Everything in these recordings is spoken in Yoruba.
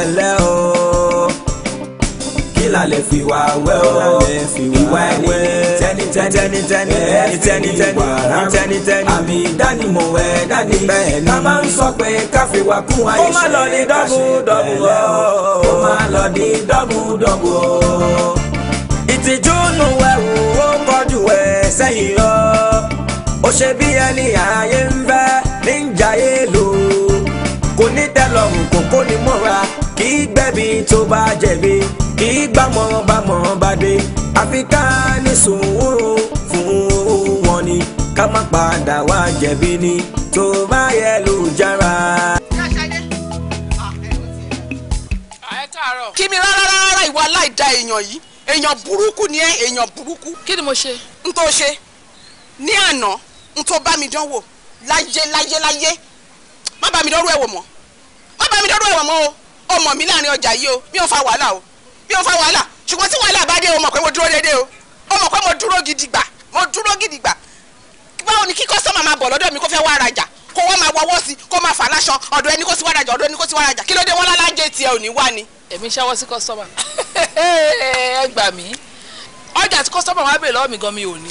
pẹ̀lẹ́ o kí la lè fi wá wẹ́ o ìwà ẹni tẹ́ni tẹ́ni tẹ́ni tẹ́ni tẹ́ni tẹ́ni tẹ́ni àmì ìdánimọ̀ ẹ̀ dání ká máa ń sọ pé káfí wa kún wa iṣẹ́ kó má lọ ní dọ́bù dọ́bù o kó má lọ ní dọ́bù dọ́bù o. ìtìjú nù ẹ̀wù ó kọjú ẹ̀ sẹ́yìn lọ ó ṣe bí ẹni ààyè ń bẹ́ níjàyè lò kò ní tẹ́lọ̀rùn kò kó ni mọ́ra kì í gbẹ̀bí tó bá jẹ̀bi kì í gbàmọ̀ bàmọ̀ bá dé àfi ká ní sùúrù fún wọn ni ká má padà wá jẹ̀bi ni tó bá yẹ lù jára. kí mi rárá rárá ìwà aláìda èèyàn yìí èèyàn burúkú ni ẹ èèyàn burúkú. kí ni mo ṣe. n tó ṣe ní àná n tó bá mi dánwò láyé láyé láyé má bá mi dánwò ẹ̀wọ̀ mọ́ má bá mi dánwò ẹ̀wọ̀ mọ́ o ọmọ mi láàrin ọjà yìí o mi ò fa wàhálà o mi ò fa wàhálà ṣùgbọ́n tí wàhálà bá dé o mọ̀ pé mo dúró déédéé o o mọ̀ pé mo dúró gidi gbà mo dúró gidi gbà báwo ni kí kọ́sọ́mà máa bọ̀ lọ́dọ̀ mi kó fẹ́ wá rajà kó wọ́n máa wọ́wọ́ sí kó máa fà láṣọ ọ̀dọ̀ ẹni kó sì wá rajà ọ̀dọ̀ ẹni kó sì wá rajà kí ló dé wọ́n lálá jẹ́ tiẹ̀ ò ní wá ni. èmi ṣẹ́wọ́ sí kọ́sọ́mà ẹ gbà mí ọjà tí kọ́sọ́mà wá bèèrè lọ́wọ́ mi gan mi ò ní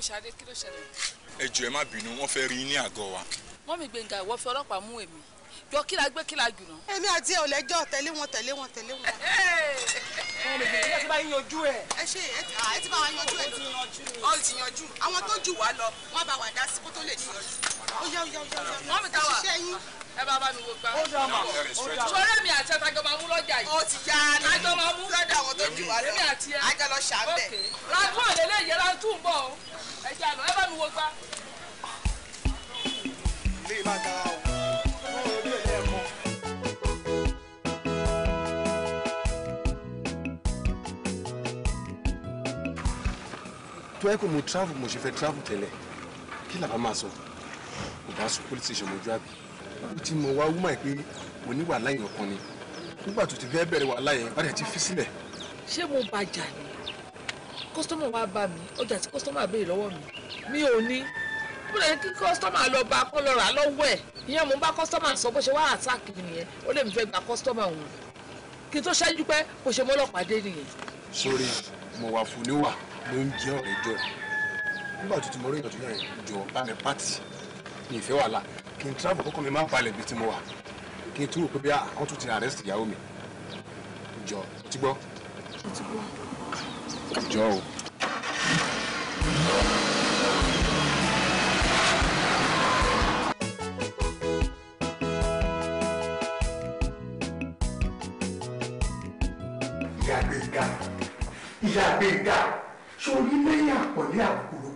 mọ́mì Ṣadé kí ló ṣẹlẹ̀. ẹ jù ẹ má bínú wọ́n fẹ́ rí ní àgọ́ wa. mọ́mì Gbénga ìwọ fi ọlọ́pàá mú èmi jọ kí la gbé kí la jùlọ. èmi àti ẹ ò lẹ́jọ́ tẹ̀lé wọn tẹ̀lé wọn tẹ̀lé wọn. ọmọ mi ìdílé ti bá yín yanjú ẹ. ẹ ṣe ẹ ti bá wa yanjú ẹ ti yanjú ọ ti yanjú àwọn tó jù wá lọ wọn bá wà dá sí kó tó lè níyanjú. ó yá ó yá ó yá ó yá wọn mi ta wà ẹ bá bá mi wo gbá. ó dà mà ó dà mà. sọ́rẹ́ mi àti ẹ̀ta jọ máa mú lọ́jà yìí. ó ti já ni àjọ máa mú lọ́jà àwọn tó jù wá lọ. èmi àti ẹ àjọ lọ ṣàbẹ̀. ràtún àlélẹ́ yẹn ràtún bọ̀ ẹ jẹ́ àná ẹ bá mi wo gbá. ilé ìlànà tó ẹ kò mo travel mo ṣe fẹ́ travel tẹ́lẹ̀ kí làbá máa sọ kò bá sọ police station mojú àbí ó ti mọ wá wúmọ̀ ẹ̀ pé mo ní wàhálà yẹn kan ni nígbà tó ti fẹ́ bẹ̀rẹ̀ wàhálà yẹn wàhálà ti fi sílẹ̀. ṣé mo bàjá ni kọ́sítọ́mù wa bá mi ọjà tí kọ́sítọ́mù béèrè lọ́wọ́ mi mi ò ní mo lè kí kọ́sítọ́mù lọ bá kọ́ lọ rà lọ́wọ́ ẹ̀ ìyẹn mo bá kọ́sítọ́mù sọ bó ṣe wá àtàkì nìyẹn ó lè mi fẹ́ gba kọ́sítọ́mù òun kí n tó ṣẹ́jú pé bó ṣe mọ́lọ́pàá dé nìyẹn. sórí mo wà fún níwà ló ń jẹ́ ọ̀rẹ́ jọ nígbà tó ti mọ orí ìtọ́jú náà jọ bá mi pàtì mi ìfẹ́ wàhálà kí n travel kọ́kọ́ mi máa ń balẹ̀ bí tí mo wà kí n túrò pé bí àwọn tún ti arrest ìyàwó mi jọ ti gbọ́. jọ o. Ìyá Gbénga, ìyá So sórí lẹ́yìn àpọ̀lé àbùkù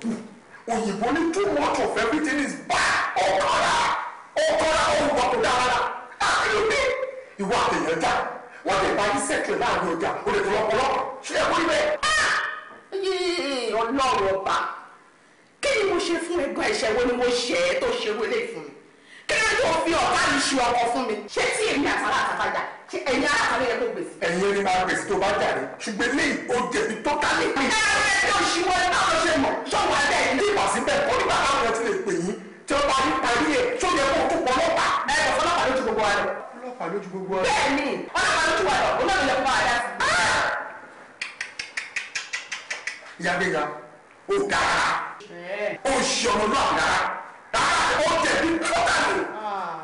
òyìnbó ní too much of everything is bad ọ̀kọ́ra ọ̀kọ́ra ọ̀hún bọ̀ tó dára àkìlódé ìwà àtẹ̀yẹ̀ dá wọ́n lè parí sẹ́kìlì láàrin ọjà o lè tún ọpọlọ ṣe é wípé. ọlọ́run ọba kí ni mo ṣe fún ẹgbẹ́ ìṣẹ́wó ni mo ṣe é tó ṣe wọlé fún mi ló fi ọ̀tá mi ṣu ọkọ fún mi ṣé tí èmi àtàrà àtàfà jà ṣé ẹ̀yin alákàlẹ̀ yẹ kó gbèsè. ẹ̀yin ẹni máa gbèsè tó bá jà rẹ̀ ṣùgbọ́n eléyìí ó jẹ̀bi tó tálẹ̀. ẹ ẹ tó ṣíwọ́ ẹ báwo ṣe mọ̀ ṣọ́wọ́ abẹ́ ẹ̀ ní ìwà síbẹ̀ ó ní bàbá wọn ti lè pè yín tí ó bá yín parí ẹ̀ tó yẹ kó tó pọ̀ lọ́pàá ẹ̀ ọ̀fọlọ́pàá lójú gbogbo wa lọ. ọlọ́pàá lójú gbogbo wa lọ. bẹ́ẹ̀ni ọlọ́pàá lójú wa lọ olóògbé lè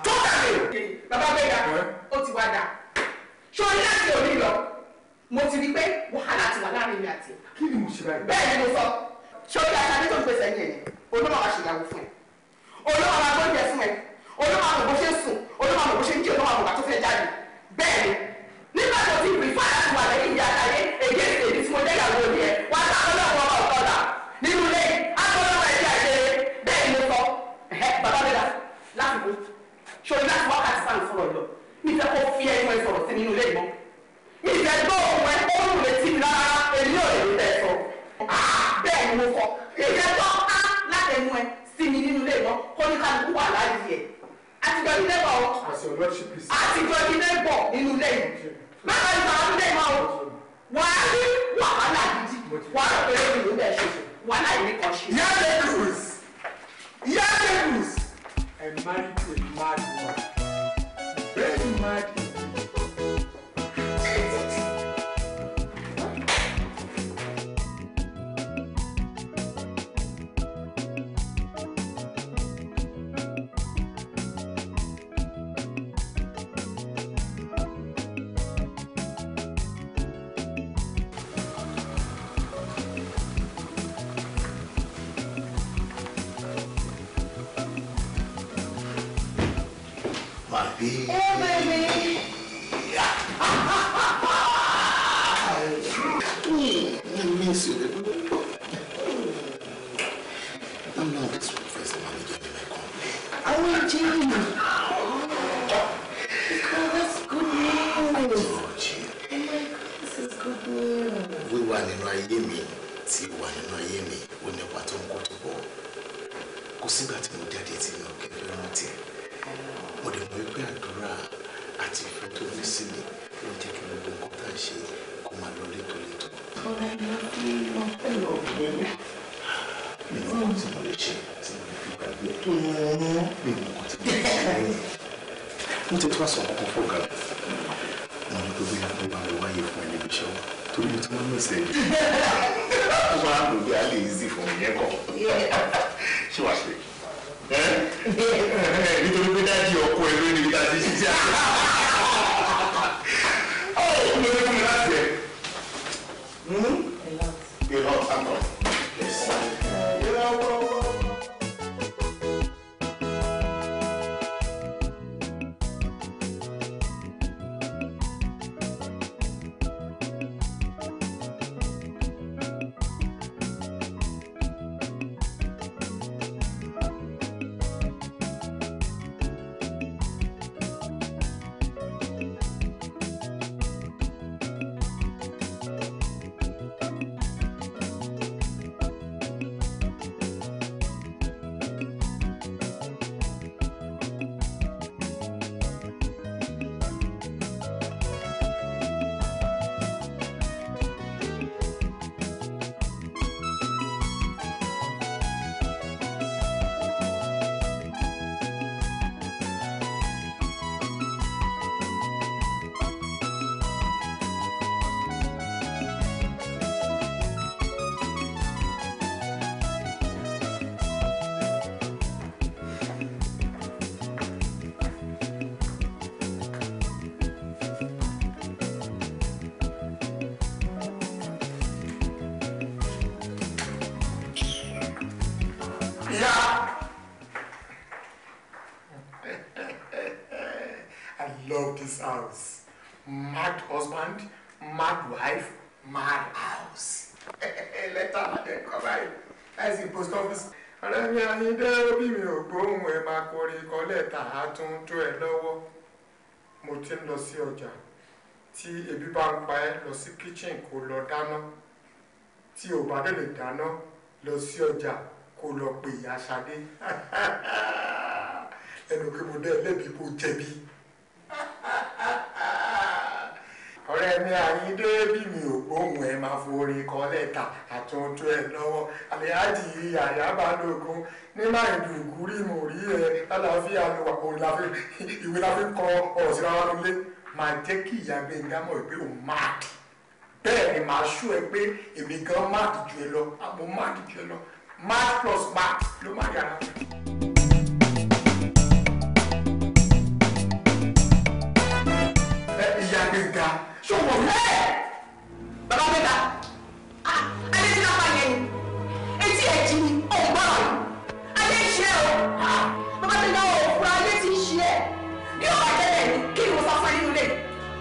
totally bàbá bẹ́ẹ̀ dà ó ti wá dà ṣé o ní láti òní lọ mo ti rí pé wàhálà ti wà láàrin mi àti ẹ. kí ni mo ṣe báyìí. bẹ́ẹ̀ ni mo sọ o ní aṣáájú tó ń pèsè ẹ̀yìn ẹ̀yìn olóòwò wa ṣèyàwó fún ẹ olóòwò wa gbọ́dọ̀ fún ẹ olóòwò wa bò ṣe ń sùn olóòwò wa bò ṣe ń jí olóòwò wa tó fẹ́ jáde bẹ́ẹ̀ ni ṣòro láti wákàtí sáà ń sọ̀rọ̀ lọ mi fẹ́ kó fi ẹnu ẹ sọ̀rọ̀ sí nínú ilé ìmọ̀ mi fẹ́ gbọ́ ohun ẹ kó lù létí mi rárá èmi ò lè tẹ̀ sọ ah, bẹ́ẹ̀ ni mo kọ èmi ẹjọ́ ká látẹnu ẹ sí mi nínú ilé ìmọ̀ kó ní kálukú wà láàyè ẹ̀ àtijọ́ ilé bọ̀ ọ́ àtijọ́ ilé bọ̀ nínú ilé ìmọ̀ báwo ni bàbá ilé ìmọ̀ o wà á rí wàhálà gidi wà á rọ̀ pé ó ti lò ó bẹ́ẹ̀ ṣe wàhálà ìmí kan ṣe. yẹ́n lè kúrò sí. and my, to mad husband mad wife mad house. them come by. báyìí láìsí post office. ọ̀rẹ́ mi ayíǹde òbí mi ò gbóhùn ẹ̀ máa kórè kọ́ lẹ́tà àtúntò ẹ̀ lọ́wọ́ mo ti ń lọ sí ọjà tí ebi bá ń pa ẹ́ lọ sí kitchen kó lọ dáná tí ò bá dẹ̀ lè dáná lọ sí ọjà kó lọ pè ìyá Ṣadé ẹnu kí mo dẹ́ lẹ́bi mo jẹ̀bi. ọ̀rẹ́ mi àyíndé bí mi ò gbóhùn ẹ̀ máa forí orin lẹ́tà àtúntò ẹ̀ lọ́wọ́ àlẹ́hájì àyábálógún ní máìdùgú rí mo rí ẹ lálàáfíà ló wà òun láfi ìwé láfi kọ ọ̀rọ̀ sí rárá lólé máa jẹ́ kí ìyá bẹ́ẹ̀ ni ṣú ẹ pé èmi gan ju lọ àmọ́ lọ plus ṣé o wọ̀ lẹ́ẹ̀ bàbá mẹ́ta adé tí ká fà yẹn ni etí ẹ̀ jí ni ò ń gbọ́rọ̀ adé ń ṣe o bàbá tí ká wọ̀ fún adé tí ń ṣe ẹ̀ ní ọ̀rọ̀ àjẹlẹ̀ ni kí ni mo sọ fún ẹ nínú ilé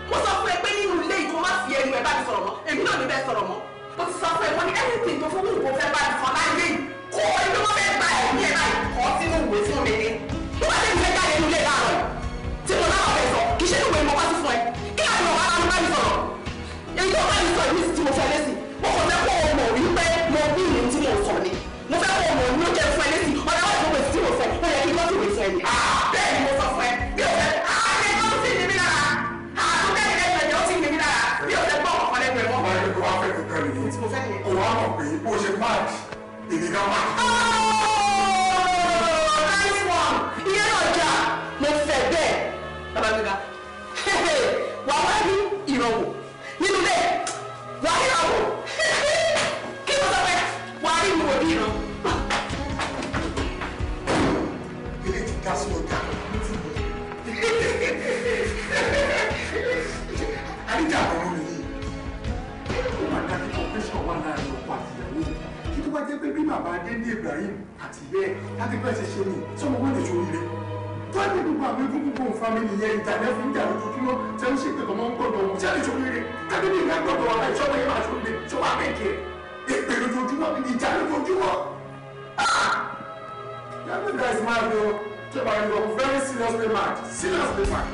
mo sọ fún ẹ pé nínú ilé yìí kó má fi ẹnu ẹ bá mi sọ̀rọ̀ mọ́ èmi náà ní bẹ́ẹ̀ sọ̀rọ̀ mọ́ mo ti sọ fún ẹ mo ní everything tó fún mi kò fẹ́ bá mi sọ láyé yìí kó o ní wọ́n fẹ́ gba ẹ̀mí ẹ̀ báyìí kọ́ sínú ìwé fún mi ni wọ́n ti ń fẹ́ jáde nílé láàárọ̀ tí mo náà wọ́n fẹ́ sọ kì í ṣe ìwé mo wá sí èyí tó bá mi sọ ìmísí tí mo sọ lẹ́sìn mo kò fẹ́ kó o mọ̀ wípé mo bí ìrìn tí mo sọ ni mo fẹ́ kó o mọ̀ ní oúnjẹ fún ẹ lẹ́sìn ọ̀dà wà fún èsì tí mo sọ ó yẹ kí gọ́sì mi fún ẹ ni. Ah, bẹ́ẹ̀ ni mo sọ fún ẹ bí o fẹ́ àárẹ̀ gọ́sì ni mí lára àtún ah, bẹ́ẹ̀ ni ẹgbẹ̀rẹ̀ ó sì ni mí lára bí o fẹ́ gbọ́ ọ̀kan lẹ́gbẹ̀rẹ̀ mọ́. ọ̀rẹ́ mi kò wá fẹ́ kó kẹ́rin yìí. mo fẹ́ pé bí bàbá adéní Ibrahim àti ìyá ẹ̀ láti bẹ́ẹ̀ ṣe ṣe ni sọmọ wọn lè sórí rẹ tọ́jú gbogbo àwọn ikú gbogbo fámìlì yẹn ìtàlẹ́ fún ìjà lójoojúmọ́ tẹ ń ṣètò tọmọ ń gbọdọ̀ wọn ṣáà lè sórí rẹ tàbí ní ìgbà gbọdọ̀ wọn láì sọmọ yẹn máa sórí rẹ sọmọ àbẹ̀kẹ èpè lójoojúmọ́ ìjà lójoojúmọ́ ah that guy is mad o kí ẹ bá yọ very seriously mad seriously mad.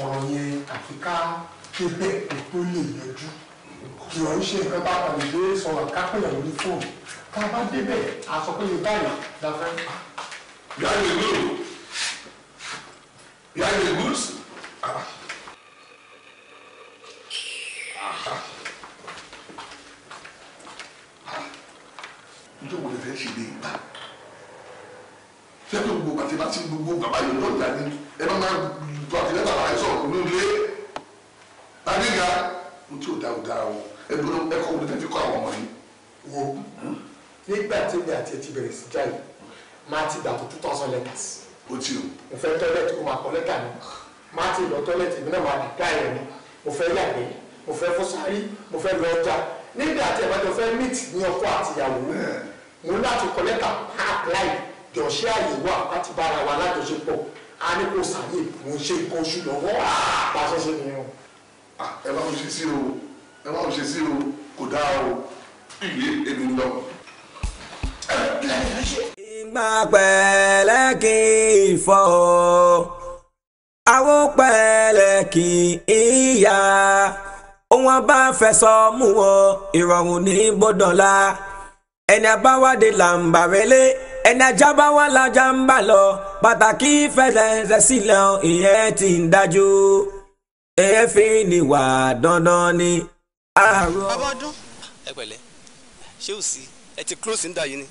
ọ̀rọ̀ yẹn àfi ká kébé tó lè yẹjú kì ọ̀ ń ṣe nǹkan bá balẹ̀ lé sọ̀rọ̀ kápẹ́yà lórí fóònù tá a bá débẹ̀ àsọpẹ́yẹ báyìí la fẹ́. yàrá ìlú yàrá ìlú. lọ tọ́lẹ̀tì mi náà máa dìgbà yẹn ni mo fẹ́ yàgbé mo fẹ́ fọ́sárí mo fẹ́ lọ ọjà nígbà tí ẹ̀bá jọ fẹ́ mìtì ní ọkọ àtìyàwó mo láti kọ lẹ́tà páàpáì jọ̀ṣẹ́ àyè wà láti bára wa lájọṣepọ̀ a ní kò sàyè mo ṣe nǹkan oṣù lọ́wọ́ bá a ṣe ṣe nìyẹn. ẹ bá mi ṣe sí o ẹ bá mi ṣe sí o kò dáa o ìwé èmi lọ ìgbà pẹ̀lẹ́ kì í fọ́. Awo pẹ̀lẹ́ kì í yá òun bá fẹsọ̀ mú wọn ìrọ̀rùn ní gbọ́dọ̀lá ẹni abáwádé là ń bàrẹ́lé ẹni ajá bá wà lájà ń bà lọ pàtàkì fẹsẹ̀ sílẹ̀ ìyẹn ti ń dájú èéfín ni wà dandan ni. bàbá ọdún ẹ pẹ̀lẹ́ ṣé ò sí ẹ ti kúrò sí ń dà yìí ni.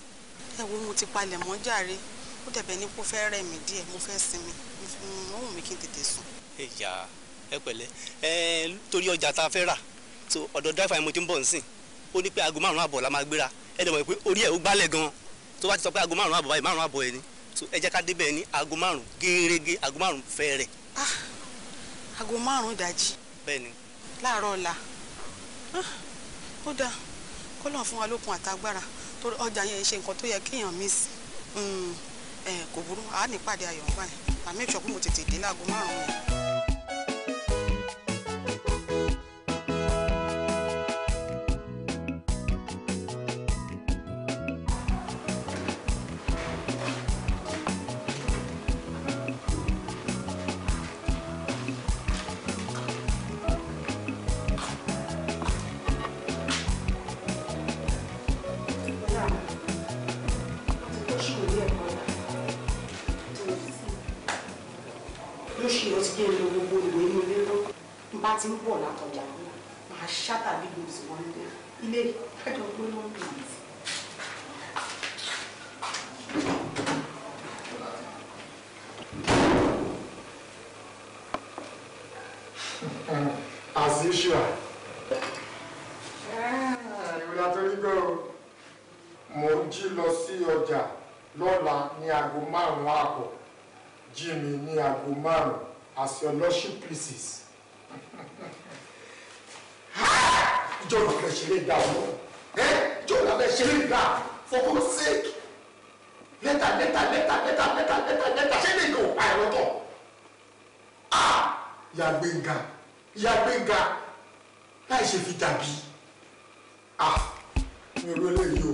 ẹ wo mo ti palẹ̀ mọ́ jàre ó dẹ̀bẹ̀ ní kó fẹ́ rẹ̀ mí díẹ̀ mo fẹ́ sinmi ó wù mí kí n tètè sùn. ẹ yà ẹ pẹ̀lẹ́ ẹ torí ọjà tá a fẹ́ rà so ọ̀dọ̀ dáìfà yẹn mo ti ń bọ̀ nsìn ó ní pé aago márùn-ún àbọ̀ la máa gbéra ẹ dẹ̀ mọ̀ pé orí ẹ̀ ó gbálẹ̀ gan tó bá ti sọ pé aago márùn-ún àbọ̀ báyìí márùn-ún àbọ̀ ẹ̀ ni so ẹ jẹ́ ká débẹ̀ ní aago márùn-ún gẹ́gẹ́ aago márùn-ún fẹ́ rẹ̀. ah aago márùn-ún ìdajì. bẹ́ẹ̀ni. láàárọ̀ ọ̀la ah, ó dáa kó lọ́n fún wa lókun àtagbára ọjà yẹn ṣe nǹkan tó yẹ kéèyàn mí sí hmm. Eh, kò burú àá nípàdé ayọ̀ ń báyìí àmì ìṣọ̀kú mo tètè dé láago márùn-ún. gbàgbéga láì ṣe fi dàbí. Ah, mi ò rí eléyìí o.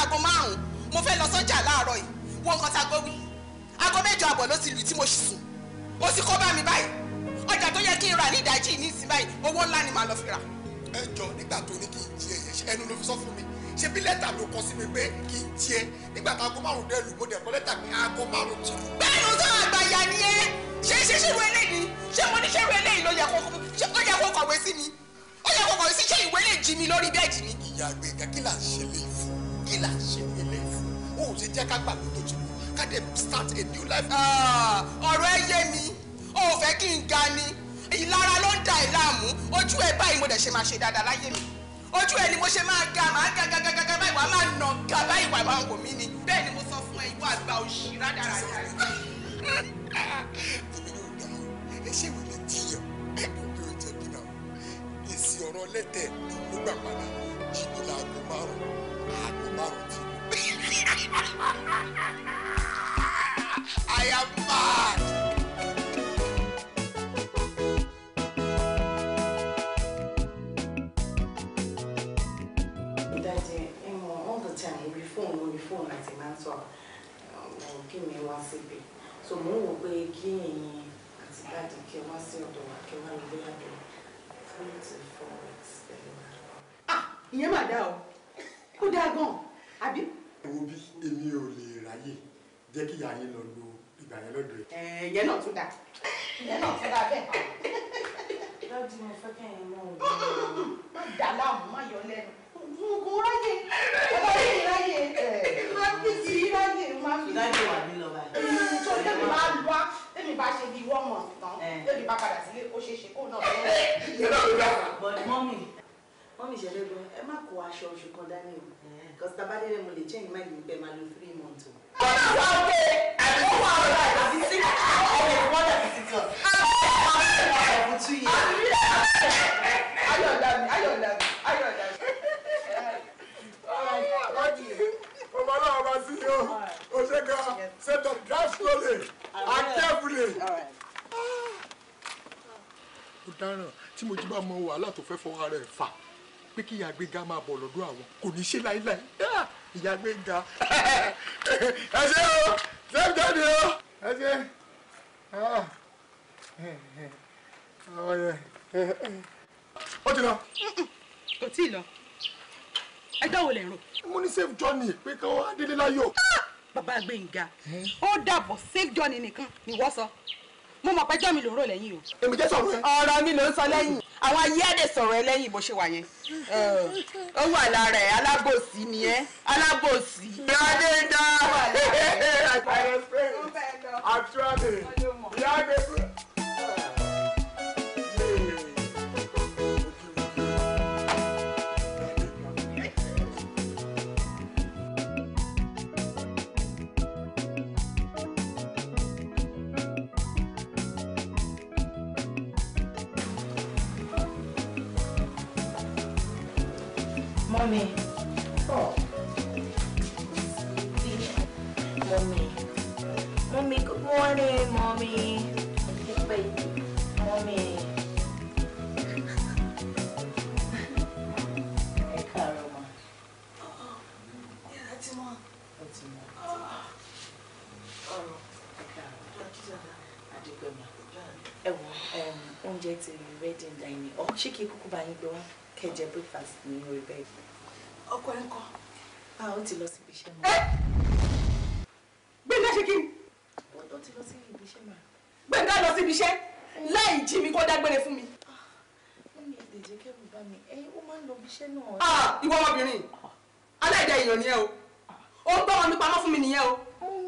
aago márùn-ún mo fẹ́ lọ sọ́jà láàárọ̀ yìí wọ́n nǹkan tá a aago mẹ́jọ àbọ̀ ló ti lù tí mo ṣì sùn ó sì kó bá mi báyìí ọjà tó yẹ kí n rà ní ìdajì ní ìsìn báyìí owó ńlá ni màá lọ fi rà. ẹ jọ nígbà tó ní kí n tiẹ yẹn ẹnu ló fi sọ fún mi ṣe bí lẹ́tà ló kọ sí mi pé kí n tiẹ nígbà tá aago márùn-ún mo dẹ̀ kọ́ lẹ́tà pé aago márùn ti lù. bẹ́ẹ̀ ni ó yẹ kó ìyá àgbẹ̀ kẹ́kí là ń ṣe lè fún kí là ṣe ilé fún o ò ṣe jẹ́ ká gbàgbé tó ti lọ ká dé start a new life. Ah, ọ̀rọ̀ ẹ yé mi o fẹ́ kí n ga ni ìlara ló ń da ìlàmú ojú ẹ báyìí mo dẹ̀ ṣe máa ṣe dáadáa láyé mi ojú ẹ ni mo ṣe máa ga máa ga gàgàgàgà báyìí wàá máa nà ga báyìí wàá máa mí ni bẹ́ẹ̀ ni mo sọ fún ẹ ìwọ àgbà òṣì rádàrà rádàrà. ìbílẹ̀ ò dáhùn ẹ ṣe ìwé lè jiyàn ìbí ò jẹ̀bi náà èsì ọ̀rọ̀ lẹ́tẹ̀ẹ́ ló gbà padà jí ní márùn-ún world. I am mad. Daddy, all the time, we phone, we phone, like the man saw. Give me one CP. So, mo wò pé kí ẹ̀yin àti dáàdì kẹ wá to ọ̀dọ̀ wa kẹ wá lọ bí àbẹ̀ twenty four weeks Ah! Ìyẹn mà dá Who ó gone? àbí. wo bí èmi ò lè ráyè jẹ́ kí ìyá yín lọ lo ìgbà yẹn lọ́dọ̀ ẹ̀. ẹ̀yẹ náà tún dà ẹ̀yẹ náà tún dà bẹ́ẹ̀. lọ́dún mo fẹ́ kẹ́ ẹ̀yin náà wò. má dà láàmú má yọ lẹ́nu. mo ráyè ọlọ́run mi ráyè má fi sí ráyè má fi sí. ìdájọ́ wà ní lọ́ba yìí. tó tẹ́mi bá wá tẹ́mi bá ṣe bí wọ́n mọ̀ tán tẹ́mi bá padà sílé ó ṣeé ṣe kó náà lọ́wọ́. ìyẹn náà ló dá. bọ̀dì mọ́mì mọ́mí ìṣẹ̀lẹ́gun ẹ má kó aṣọ oṣù kan dání o because tabade rẹ mo lè change mind mi pé máa lo three months o. ó ní àwọn ọ̀gbẹ́ àbí ó wà lọ́la ìdí sí ọ̀gbẹ́ ìwọ́dà títí tí wọ́n. àbí two years. ayọ̀dà mi ayọ̀dà mi ayọ̀dà mi. ọ̀gì ọmọ aláwọ̀ bá sí yóò o ṣe gan set up drive slowly and carefully mo dáràn tí mo jí bá mọ wàhálà tó fẹ́ fọwọ́ ara ẹ̀ fà pé kí ìyá gbéga máa bọ̀ lọ́dọ̀ àwọn kò ní ṣe láíláí ah, ìyá gbéga. ẹ ṣe o sẹ́mi jáde o ẹ ṣe ah. ó ti lọ. kò tí ì lọ ẹjọ́ wo lè rò. mo ní safe journey pé kí wọ́n á ah! bàbá Gbénga ó dàbọ̀ safe journey nìkan ni wọ́n sọ mo mọ̀ pẹ́jọ́ mi ló ń rò lẹ́yìn o. èmi jẹ́ sọ̀rọ̀ ọ̀rọ̀ mi ló ń sọ lẹ́yìn mm. àwọn ayé ẹ̀dẹ̀ sọ̀rọ̀ ẹ lẹ́yìn bó ṣe wà yẹn. ó wà lára ẹ alábòsí ni ẹ alábòsí. ìyáde dá àtúrà mi ìyáde. Mommy. Oh. Mommy. Mommy, good morning, Mommy. Good baby, Mommy. oúnjẹ ti ready dining ọ ṣé kí kúkú bá yín gbé wá kẹjẹ breakfast ní orí bẹ́ẹ̀ ọkọ ẹ ń kọ́ a ó ti lọ sí ibi iṣẹ́ mọ́. gbẹ̀ngà ṣe kí ni. ó ti lọ sí ibi iṣẹ́ mà. gbẹ̀ngà lọ sí ibi iṣẹ́ láì jí mi kó dágbére fún mi. ó ní ìdèjì kẹ́rù bá mi ẹ ó máa ń lọ ibi iṣẹ́ náà. Ah, ìwọ ọmọbìnrin aláìdá èèyàn ni ẹ o ó ń tọ́wọ́ mi pamọ́ fún mi nìyẹn o.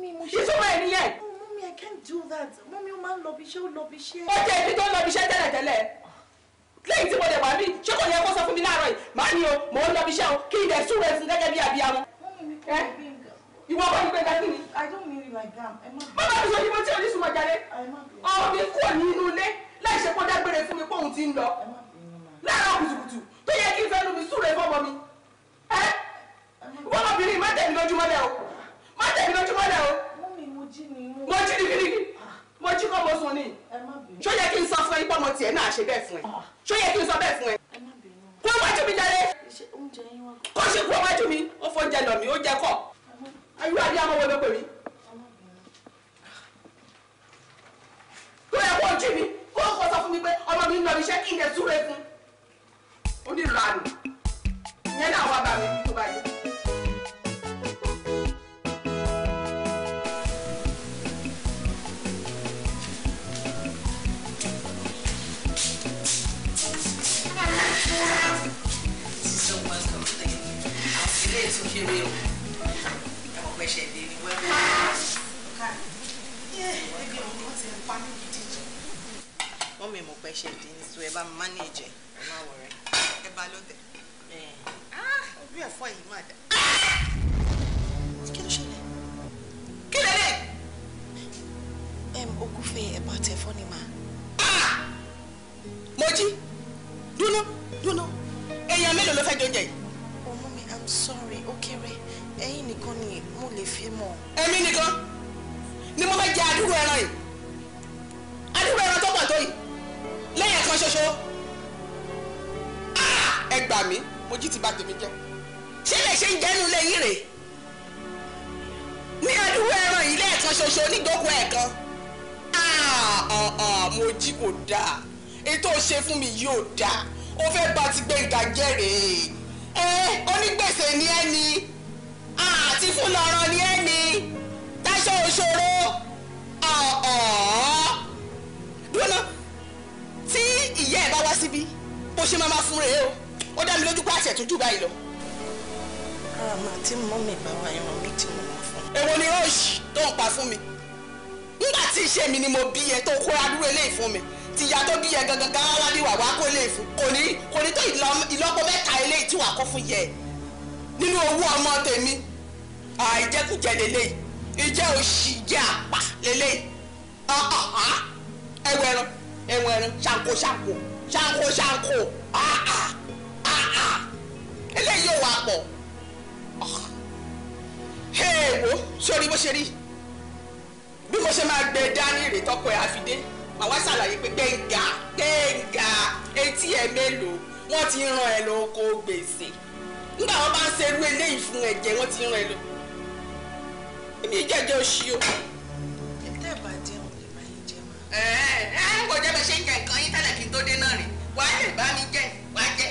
mú mo ṣe ìtumọ̀ ẹ̀ nìyẹn. Oh, mú I can't do that mú ó máa ń lọ ibi iṣẹ́ ó lọ ibi iṣẹ́. ó jẹ́ ibi tó ń lọ ibi iṣẹ́ tẹ́lẹ̀tẹ́lẹ̀ lẹ́yìn tí mo lè wà ní ṣé kò yẹ kó sọ fún mi láàárọ̀ yìí màá ní o mò ń lọ bí iṣẹ́ o kí ilẹ̀ sùn rẹ̀ fún gẹ́gẹ́ bí abiyamọ. ìwọ bá mi gbé ga kíni. bàbá mi sọ yìí mo tí oníṣùmọ̀ jáde ọmọ mi kúrò ní inú ilé láì ṣe kó dágbére fún mi póun ti ń lọ láàárọ̀ kùtùkùtù tó yẹ kí ìfẹ́nu mi sùn rẹ̀ fọ́mọ mi. wọ́n lọ́bìnrin má tẹ̀mí lójúmọ́lẹ̀ o má tẹ̀mí lójúmọ́lẹ̀ o. mo jí ni kíni mo jí kọ́ mo sùn ni ṣó yẹ kí n sọ fún ẹ nípa ọmọ tiẹ̀ náà ṣe bẹ́ẹ̀ fún ẹ ah. ṣó yẹ kí n sọ bẹ́ẹ̀ fún ẹ kó wájú mi jáde kó ṣe kó wájú mi ó fọ oúnjẹ lọ mi ó jẹ kọ ayú adé ọmọ wo ló pè mí tó yẹ kó jí mi kó kó sọ fún mi pé ọmọ mi ń lọ iṣẹ́ kí n dẹ̀ súre fún onírànù ìyẹn náà wà bá mi tó bá yẹ. ṣeré o ẹ̀wọ̀n pẹ̀ṣẹ̀ dé ní wẹ́wẹ́ ẹbí òun ni wọ́n ti pa ní gidi jù. wọ́n mi mọ̀ pẹ̀ṣẹ̀ dé ní so ẹ bá mi mánèjẹ̀ ẹ má wọ̀ rẹ̀. ẹ bá ló dé. Ah, ojú ẹ̀fọ́ yìí má dá. kí ló ṣẹlẹ̀? kí lè lè. ogúnfẹ̀ ẹ̀bà tẹ̀fọ́ ni màá. mo fi mọ̀. èmi nìkan ni mo fẹ́ jẹ àdúrò ẹran yìí àdúrò ẹran tó pàtó yìí lẹ́yìn ẹ̀kan ṣoṣo ah! ẹ gbà mí mo jí ti bà tèmi jẹ́ ṣé lè ṣe ń jẹ́nu lẹ́yìn rẹ̀ ní àdúrò ẹran yìí lẹ́ẹ̀kan ṣoṣo nígbòkó ẹ̀kan ah! ah! mo jí kò dáa ètò ṣe fún mi yóò dáa ó fẹ́ bá ti gbé ìdájẹ́ rèé ẹ eh! onígbèsè ni ẹ ni àti fún lọ́rọ̀ ni ẹ́ ni táṣọ òṣòro ọ̀ọ́ dúró tí ìyá ẹ̀ bá wá síbí bó ṣe máa ma fún rèé o ó dá mi lójú pé àṣẹ tó jù báyìí lọ. àmà tí mọ́ mi bá wa irun mi tí mo máa fún. èwo ni rọ́ọ̀ṣì tó ń pa fún mi nígbà tí iṣẹ́ mi ni mo bí ẹ tó kóra dúró eléyìí fún mi ti ya tó bí yẹ gangan gan wá bí wà wá kó lè fún kò ní kò ní tó ìlọ́po mẹ́ta eléyìí tí wà kó fún yẹ nínú owó ọmọ tèmi àìjẹkújẹ lélẹ́yìí ìjẹ́ òṣì jẹ́ àpá lélẹ́yìí ẹwọ ẹran ẹwọ ẹran ṣàǹkó ṣàǹkó ṣàǹkó ṣàǹkó eléyìí ò wà pọ̀ èèwò sórí bó ṣe rí bí mo ṣe máa gbẹ dání rè tọkọ ẹ àfidé màwá ṣàlàyé pé gbẹ̀ngà gbẹ̀ngà etí ẹ mélòó wọ́n ti ràn ẹ lóko gbèsè nígbà wọ́n bá ń ṣerú eléyìí fún ẹ̀jẹ̀ wọ́n ti ràn ẹ lóko èmi ìjẹ́jẹ́ oṣù o. ètò ẹ̀ bá jẹun lè bá yín jẹun. ẹ ẹ ń kò jẹ́ bẹ́ẹ̀ ṣe ń jẹ nǹkan yín tẹ́lẹ̀ kí n tó dé náà rè wá lè bá mi jẹ wá jẹ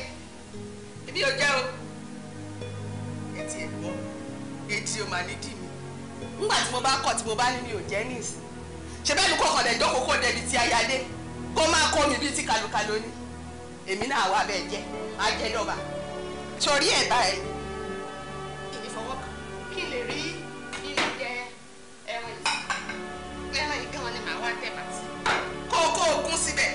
èmi ò jẹ́ o. etí ẹ̀ gbọ́ etí o màá nídìí mi nígbà tí mo bá kọ̀ tí mo bá ní mi ò jẹ́ níìsì ṣe bẹ́ẹ̀ ló kọ̀kọ̀ lẹ̀ jókòó kó débi ti ayáde kó máa kó mi bíi ti kàlùkàlù ni èmi náà wà bẹ́ẹ̀ jẹ́ ajẹ́dọ̀bà torí ẹ̀ báyìí wá tẹ̀ bàtì. kó síbẹ̀.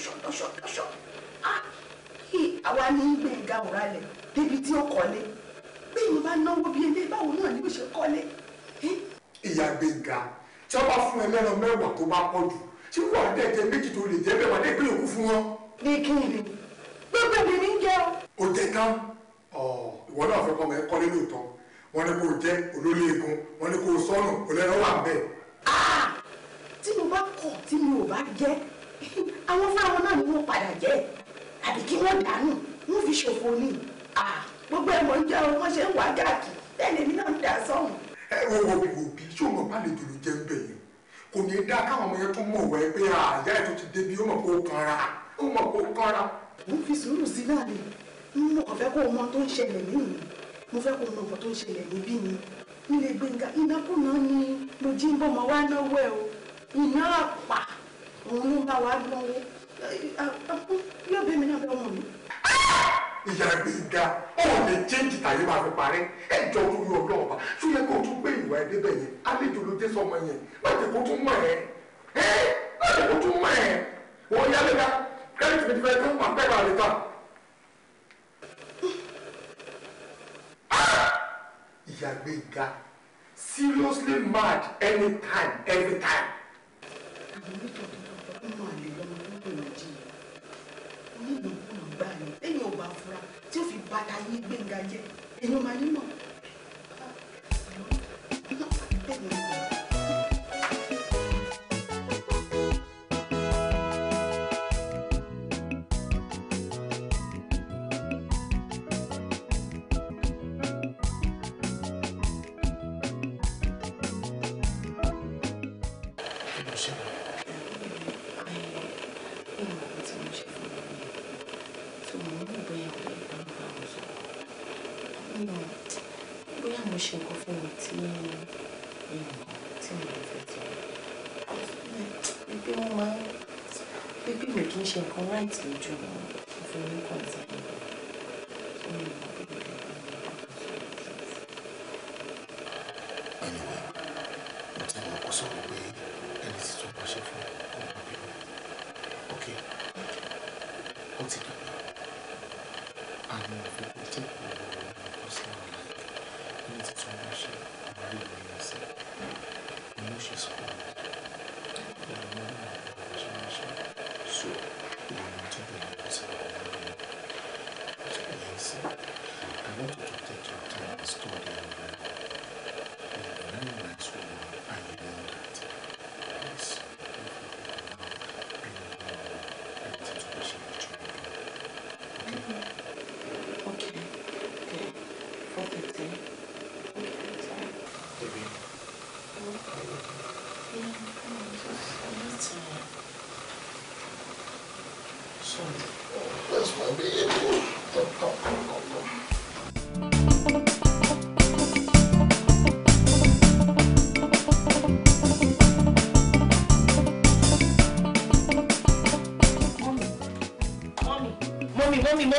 tọ́ṣọ tọ́ṣọ tọ́ṣọ àwa ní gbẹ̀ngà òralẹ̀ débi tí ó kọ́lé bí èyí bá náwó bíi ẹlẹ́ báwo náà ni ó ṣe kọ́lé. ìyá gbẹ̀ngà tí wọ́n bá fún ẹ lẹ́ran mẹ́wàá tó bá pọ̀ jù tí wọ́n á dẹ̀jẹ̀ méjì tó lè jẹ́ bẹ́ẹ̀ wà dé ìpínlẹ̀ òkú fún wọn. ní kí ni gbogbo mi ní jẹ́ o. o jẹ tán ìwọ náà fẹ́ kọ́mọ ẹ kọ́lé lóòótọ́ wọn ni kò jẹ́ olólè egun wọn ni kò sọnù olẹ́rọ̀ wà ń bẹ̀. Ah! tí mo bá kọ̀ tí mi ò bá jẹ́ àwọn fáwọn náà ni wọ́n padà jẹ́ àbí kí wọ́n dànù wọ́n fi ṣòfò ni gbogbo ẹ̀mọ́ ń jẹ́ ọ wọ́n ṣe ń wá káàkiri bẹ́ẹ̀ lèmi náà ń dà sọ́hùn. ẹ wo wo wo bí ṣòwò má lè dòdò jẹ́ ń bẹ̀ yẹn kò ní í dá káwọn ọmọ yẹn tún mọ̀ wẹ́ pé àyà ètò ti débi ó mọ̀ kó kanra ó mọ̀ kó kanra. mo fi sùúrù sí náà ni mo kàn fẹ́ kó o mọ tó ń ṣẹlẹ̀ nínú mo fẹ́ kó o mọ nǹkan tó ń ṣẹlẹ̀ níbí ni nílé gbẹ̀ngà ìnákùná ni mo jí ń bọ́ mọ wá náwó ẹ̀ o ìná àpà òun mi náà bẹ́ẹ̀ jẹ́ǹjì tàyè máa fi parẹ́ ẹ jọ orí ọlọ́ọ̀ ọba tó yẹ kó tún gbé ìwà ẹ̀dẹ́ bẹ̀ yẹn ló dé sọmọ yẹn láti kó tún mọ̀ ẹ́ láti kó tún mọ̀ ẹ́ wọ́n yá lẹ́ka kẹ́rìntì mi ti fẹ́ tún máa pẹ́ẹ́rẹ́ àlejò. ìyá gbẹ̀ngà seriously mad anytime every time. bàtà yìí gbẹ̀ngà jẹ èèyàn máa nímọ̀. Thank you. fún mi tí mo tí mo fẹ́ sọ. Bí wọ́n máa ń bí mi kì í ṣe nǹkan right lójú mi, ìfẹ́ mi kàn sí mi.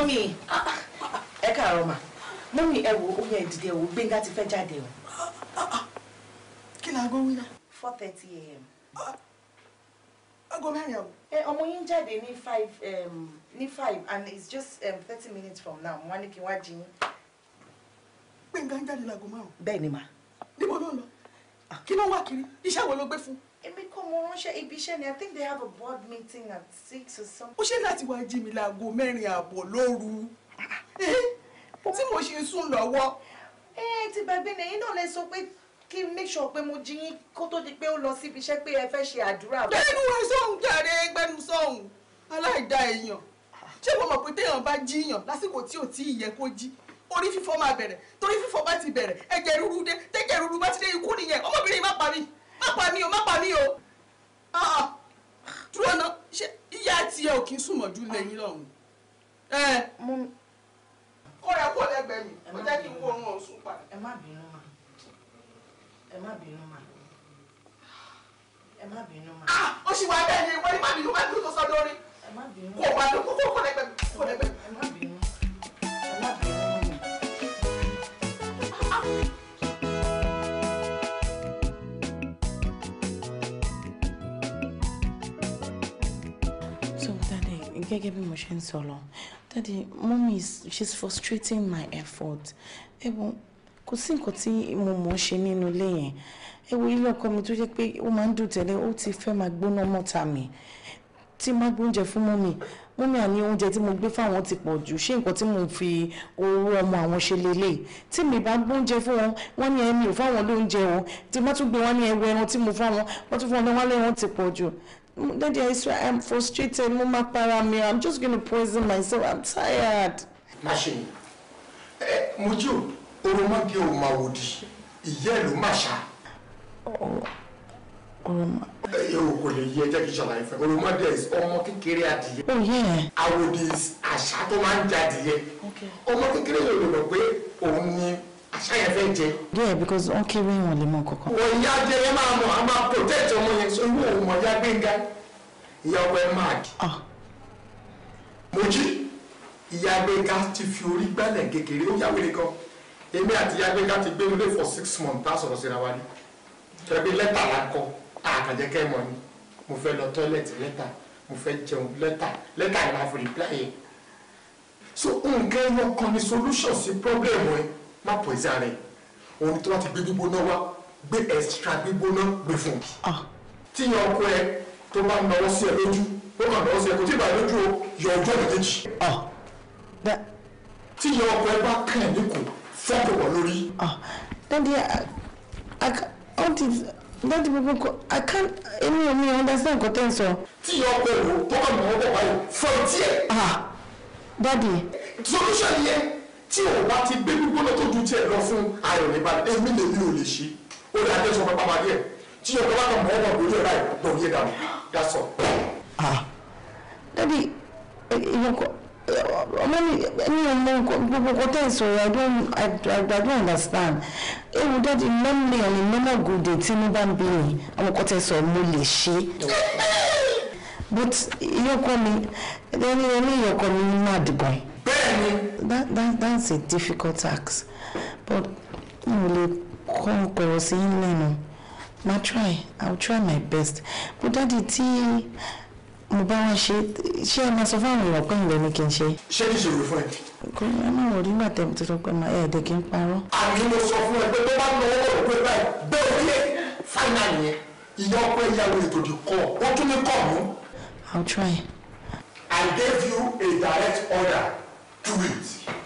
Mami, ẹ káàárọ̀ mà Mami, ẹ wo ó yẹ ìdílé ẹ wo gbẹ̀ngà ti fẹ́ jáde o. kí ni aago wí náà. four thirty a.m. aago mẹ́rin àwọ̀. ẹ ọmọ yín 5, ní five um, ní five and it's just um, thirty um, minutes from now wọ́n á ní kí n wá jí yín. gbẹ̀ngà ń jáde láago márùn-ún. bẹ́ẹ̀ ni mà. níbo ló ń lọ kí kiri iṣẹ́ wo ló gbé fún mo ránṣẹ́ ibi iṣẹ́ ni I think they have a board meeting at six or something. ó ṣe láti wá jí mi láago mẹ́rin ààbọ̀ lóru tí mo ṣe sùn lọ́wọ́. ẹ ẹ ti gbàgbé nìyí náà lè sọ pé kí n make sure pé mo jí yín kó tó di pé ó lọ síbi iṣẹ́ pé ẹ fẹ́ ṣe àdúrà. gbẹ́nu ẹ sọ̀hún jàre gbẹ́nu sọ̀hún aláìda èèyàn ṣé mo mọ̀ pé téèyàn bá jíyàn lásìkò tí ò tí ì yẹ kó jí orí fífọ́ máa bẹ̀rẹ̀ torí fífọ́ bá ti bẹ̀rẹ̀ ẹ̀jẹ̀ rúru dé tẹ́jẹ̀ rúru bá ti dé ikú nìyẹn ọmọbìnrin má pa mí má pa mí o má pa mí o. Ah, dúró náà ṣe ìyá àti ìyá ò kí ń sùn mọ́jú lẹ́yìn lọ́hùn. kó rẹ kó lẹ́gbẹ̀ẹ́ mi ó jẹ́ kí n wo orun ọ̀sùn padà. ẹ má bínú mà ẹ má bínú mà ẹ má bínú mà. Ah, ó ṣì wá bẹ́ẹ̀ ni wọ́n ní má bínú má bínú tó sọ lórí. kó o wá lóko kó o kó lẹ́gbẹ̀ẹ́ mi kó lẹ́gbẹ̀ẹ́ mi. ẹ má bínú ẹ má bínú. gẹ́gẹ́ bí mo ṣe ń sọ lọ daddy mummy she's frustrating my effort ẹ̀bùn kò sí nǹkan tí mo mọ̀ ṣe nínú ilé yẹn ẹ ilé ọkọ mi tó jẹ́ pé ó máa ń dùn tẹ́lẹ̀ ó ti fẹ́ máa gbóná mọ́ta mi tí má gbóúnjẹ fún mọ́mì mọ́mì àní oúnjẹ tí mo gbé fáwọn ti pọ̀ jù ṣé nǹkan tí mo fi owó ọmọ àwọn ṣe lélẹ̀ tí mi bá gbóúnjẹ fún wọn wọ́n ní ẹni ò fáwọn lóúnjẹ o tí má tún gbé wọn ní ẹwọ ẹran tí mo fáwọn wọ́n tún fún wọn lọ́wọ́ lẹ́wọ̀n ti pọ̀ jù Daddy I swear I'm frustrated. Mama Parami, I'm just going to poison myself. I'm tired. Machine. Eh, Mujo, Oroma bi o ma wodi. Oh. Oroma. Eh, o kò lè yé jẹ́ kí ṣàlàyé fẹ́. Oroma is ọmọ kékeré adìyẹ. Oh yeah. Awodi is a shadow man. ń Okay. Ọmọ kékeré yóò lọ pé òun ṣàyẹ̀fẹ́ jẹ. yeah because wọn kéré wọn lè mọ kankan. wọ ìyá jẹ ẹ máa mọ a máa protect ọmọ yẹn so wọn ò mọ ìyá gbẹngà ìyá ọkọ ẹ máa kì. Ah. mojí ìyá gbẹngà ti fi orí gbálẹ̀ kékeré ó yàwé nìkan èmi àti ìyá gbẹngà ti gbé nílé for six months tá a sọ̀rọ̀ síra wa ni tẹ̀lé lẹ́tà la kọ àkàjẹ́ kẹ́ mọ̀ ni mo fẹ́ lọ tọ́lẹ̀tì lẹ́tà mo fẹ́ jẹun lẹ́tà lẹ́tà ni màá fi reply yẹn so nǹkan ẹyọ kan ni solution sí problem ẹ má pọ̀ ẹ̀sẹ̀ rẹ̀ òun tó bá ti gbé gbígbóná wá gbé extra gbígbóná gbé fún un. Ah. tíyan ọkọ ẹ tó bá ń náwó sí ẹ lójú ó kàn náwó sí ẹ kò tí ì bá ẹ lójú o yọ ọjọ́ ìdíjì. Ah. tíyan ọkọ ẹ bá kàn ní kò fọ́pọ̀ wọ̀ lórí. Ah. dadi all this dadi gbogbo nǹkan i can't èmi ò mi understand nǹkan tẹ́ ń sọ. tíyan ọkọ ẹ wò tó kàn náwó bọ̀ báyìí fọ́ etí ẹ̀. dadi. solution yẹn tí o bá ti gbé gbígbóná tó ju tiẹ̀ lọ fún ayọ̀ níbalẹ̀ èmi lèmi ò lè ṣe ó lè adé sọ pápá díẹ̀ tí ọ̀gá bá kàn mọ́ ọmọ òbí rẹ̀ báyìí lọ yé dànù that's all. Ah. dadi ìyọkọ ọmọ mi mi ò mọ gbogbo nǹkan tẹ́ ẹ sọ̀rọ̀ i don't i, I don't understand ewu dadi mẹ́mìlì ọ̀nì mẹ́mọ̀ gòdè tí mo bá ń bí mi àwọn nǹkan tẹ́ ẹ sọ̀rọ̀ mo lè ṣe but ìyọkọ mi ẹni ẹni ìyọkọ mi ní màdìgàn bẹ́ẹ̀ni. that that that's a difficult task but mi ò lè kọ́ ọ̀pọ̀rọ̀ sí yín lẹ́nu ma try I'll try my best but dáàdi tí mo bá wá ṣe ṣé ẹ máa sọ fáwọn èèyàn pé ìlẹ̀ ni kì í ṣe. ṣé kí ṣòro fún ẹ. kò ní ẹ máa wọ nígbà tẹ̀mí tó pé máa ẹ̀ẹ́dẹ̀ kí n parọ́. àní mo sọ fún ẹ pé tó bá ń lọ owó òwe báyìí bẹ́ẹ̀ ni fáìnà yẹn ìyá ọpẹ ìyàwó ètò kọ ó tún ní kọ mú. i will try. i gave you a direct order. do it.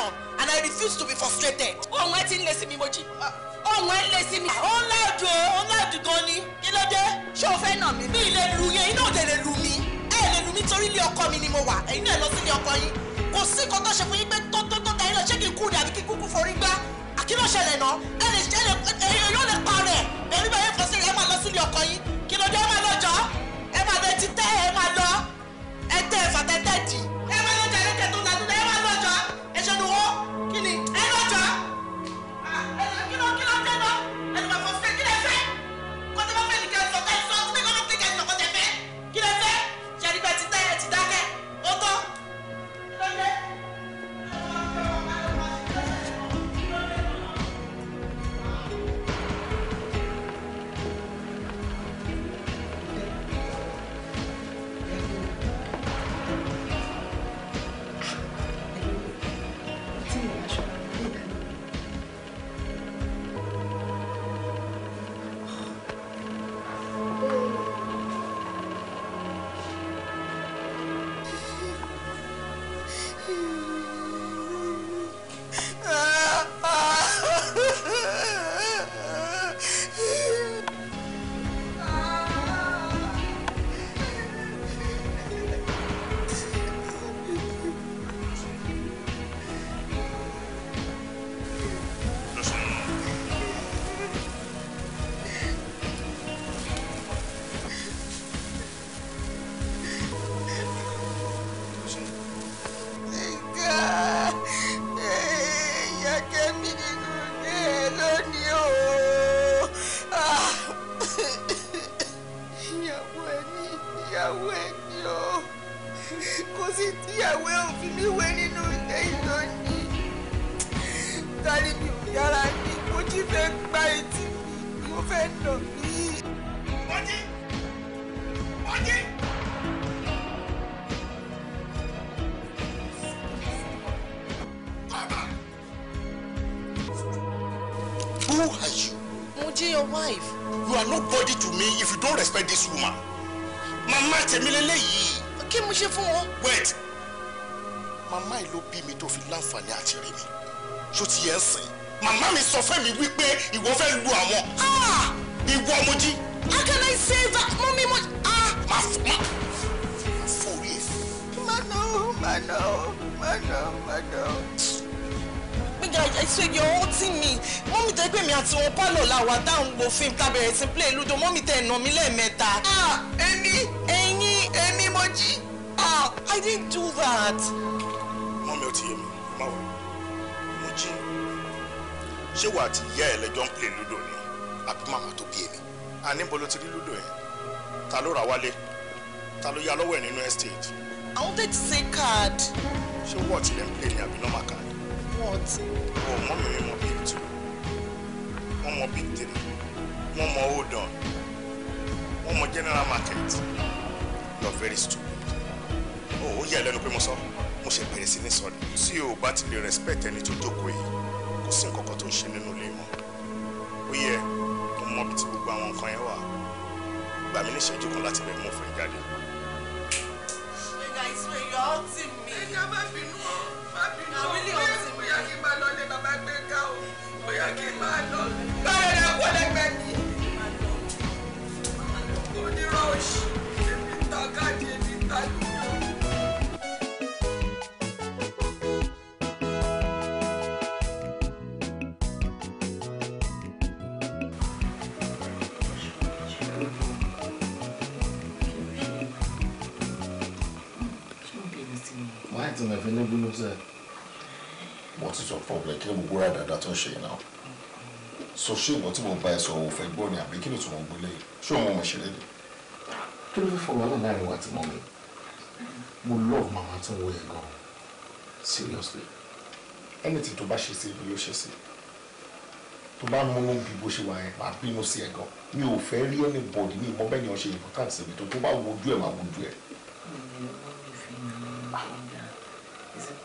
frustration and I refuse to be frustrated. Ohun ẹ ti ń le sí mi Mojí. Ohun ẹ ń le sí mi. Ó ń láàdù ó ń láàdù gan ni. Kí ló dé? Ṣé o fẹ́ nà mí? Mi ì lè lu yẹn, iná òde lè lu mi. Ẹ lè lu mi torí ilé ọkọ mi ni mo wà. Ẹ̀yin náà lọ sí ilé ọkọ yín. Kò sí nǹkan tó ṣe fún yín pé tó tó tó tẹ̀yìn lọ ṣé kí n kú ni àbí kí n kúkú forí gbá. Àkí ló ṣẹlẹ̀ náà? Ẹ lè ṣe èyí ló lè pa rẹ̀. Èmi bẹ̀rẹ̀ fọ́ sí ẹ máa lọ sí ilé ọkọ yín. Kí ló lọ kò sí tíyàwó ẹ̀ òfin mi wé nínú ilé ìlọrin tari mi ò yára ní mo jí fẹ́ gba etí mi mo fẹ́ nà mí. Bọ́jí! Bọ́jí! Who are you? Moji, your wife. You are nobody to me if you don't respect this woman màmá tèmi lélẹ́yìí. kí mo ṣe fún wọn. wait màmá yìí ló bí mi tó fi láǹfààní àti rí mi ṣó ti yẹn sìn màmá mi sọ fún mi wípé ìwọ fẹ́ lu àwọn. Ah! ìwọ ọmọdé. how can I say that mummy mo. Ah! máa fọ máa fọ orí ẹ. mano mano mano mano. gbẹ̀gà àìsàn èyí ọ̀hún tì mí mọ́mí tẹ́ pé mi àti wọn pálọ̀ la wà dáhùn wo fíìmù tàbẹ̀rẹ̀ sí play ludo mọ́mí tẹ́ ẹ̀ nà mí lẹ́ẹ̀mẹ́ta. ẹni. Ah, Moji! Ah, I didn't do that. Mọ́mí ó ti yé mi, má wọ̀. Moji, ṣé wàá ti yá ẹ lẹ́jọ́ ń pè lúdò ni? Àbí màmá tó bí èmi? A níbo ló ti rí lúdò yẹn? Ta ló rà wálé? Ta ló yá lọ́wọ́ ẹ̀ nínú estate? I wanted to say card. Ṣé wọ́ọ̀ tilẹ̀ ń pè ní àbí normal card? What? Ọ̀ mọ́mí mi mọ bíi two, wọ́n mọ bíi three, wọ́n mọ hold on, wọ́n mọ general market you are very stupid oh, ó yà lẹ́nu pé mo sọ mo ṣe bẹ̀rẹ̀ sí ní sọ ni tí o bá ti lè respect ẹni tó jókòó yìí kò sí nǹkan kan tó ń ṣe nínú ilé wọn ó yẹ kó mọ bí ti gbogbo àwọn nǹkan yẹn wà gbà mí níṣẹ́jú kan láti bẹ̀ mú fẹ́ jáde. ìyá ìṣó ìyá ọtí mi. ẹja má bínú o má bínú o bóyá kí n máa lọ ilé bàbá gbé ká o bóyá kí n máa lọ. báyọ̀ ni ẹ̀kọ́ fi ní bínú sẹ. mo ti sọ fún ọbẹ kí ló mú wúrà dáadáa tó ń ṣe yìí náà so ṣé ìwọ tí mo bá ẹ sọ òun fẹ́ gbọ́ ni àbí kí ló tún mọ gbélé ṣé òun mọ ṣẹlẹ̀ love màmá tó ń wo yẹn gan seriously anything tó bá ṣe sí ibi ló ṣe sí tó bá mú ló ń bí bó ṣe wà yẹn máa bínú sí ẹ gan mi ò fẹ́ rí anybody ní ìmọ̀ bẹ́ẹ̀ ni wọ́n ṣe important sí mi tó tó bá wojú ẹ̀ máa wojú ẹ̀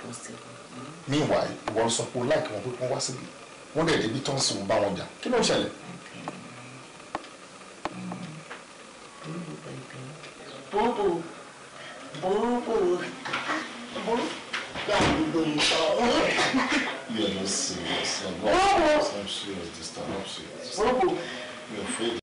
possible. meanwhile ìwọ sọ pé o láìpẹ́ wọn pé wọ́n wá síbi wọ́n dẹ̀ débi tán sí òun bá wọn jà kí ló ń ṣẹlẹ̀. bọ́ọ̀bù bọ́ọ̀bù bọ́ọ̀bù yà gbogbo ìtọ́. You are not serious. I'm, not, I'm serious this time. I'm serious. This time. You're afraid.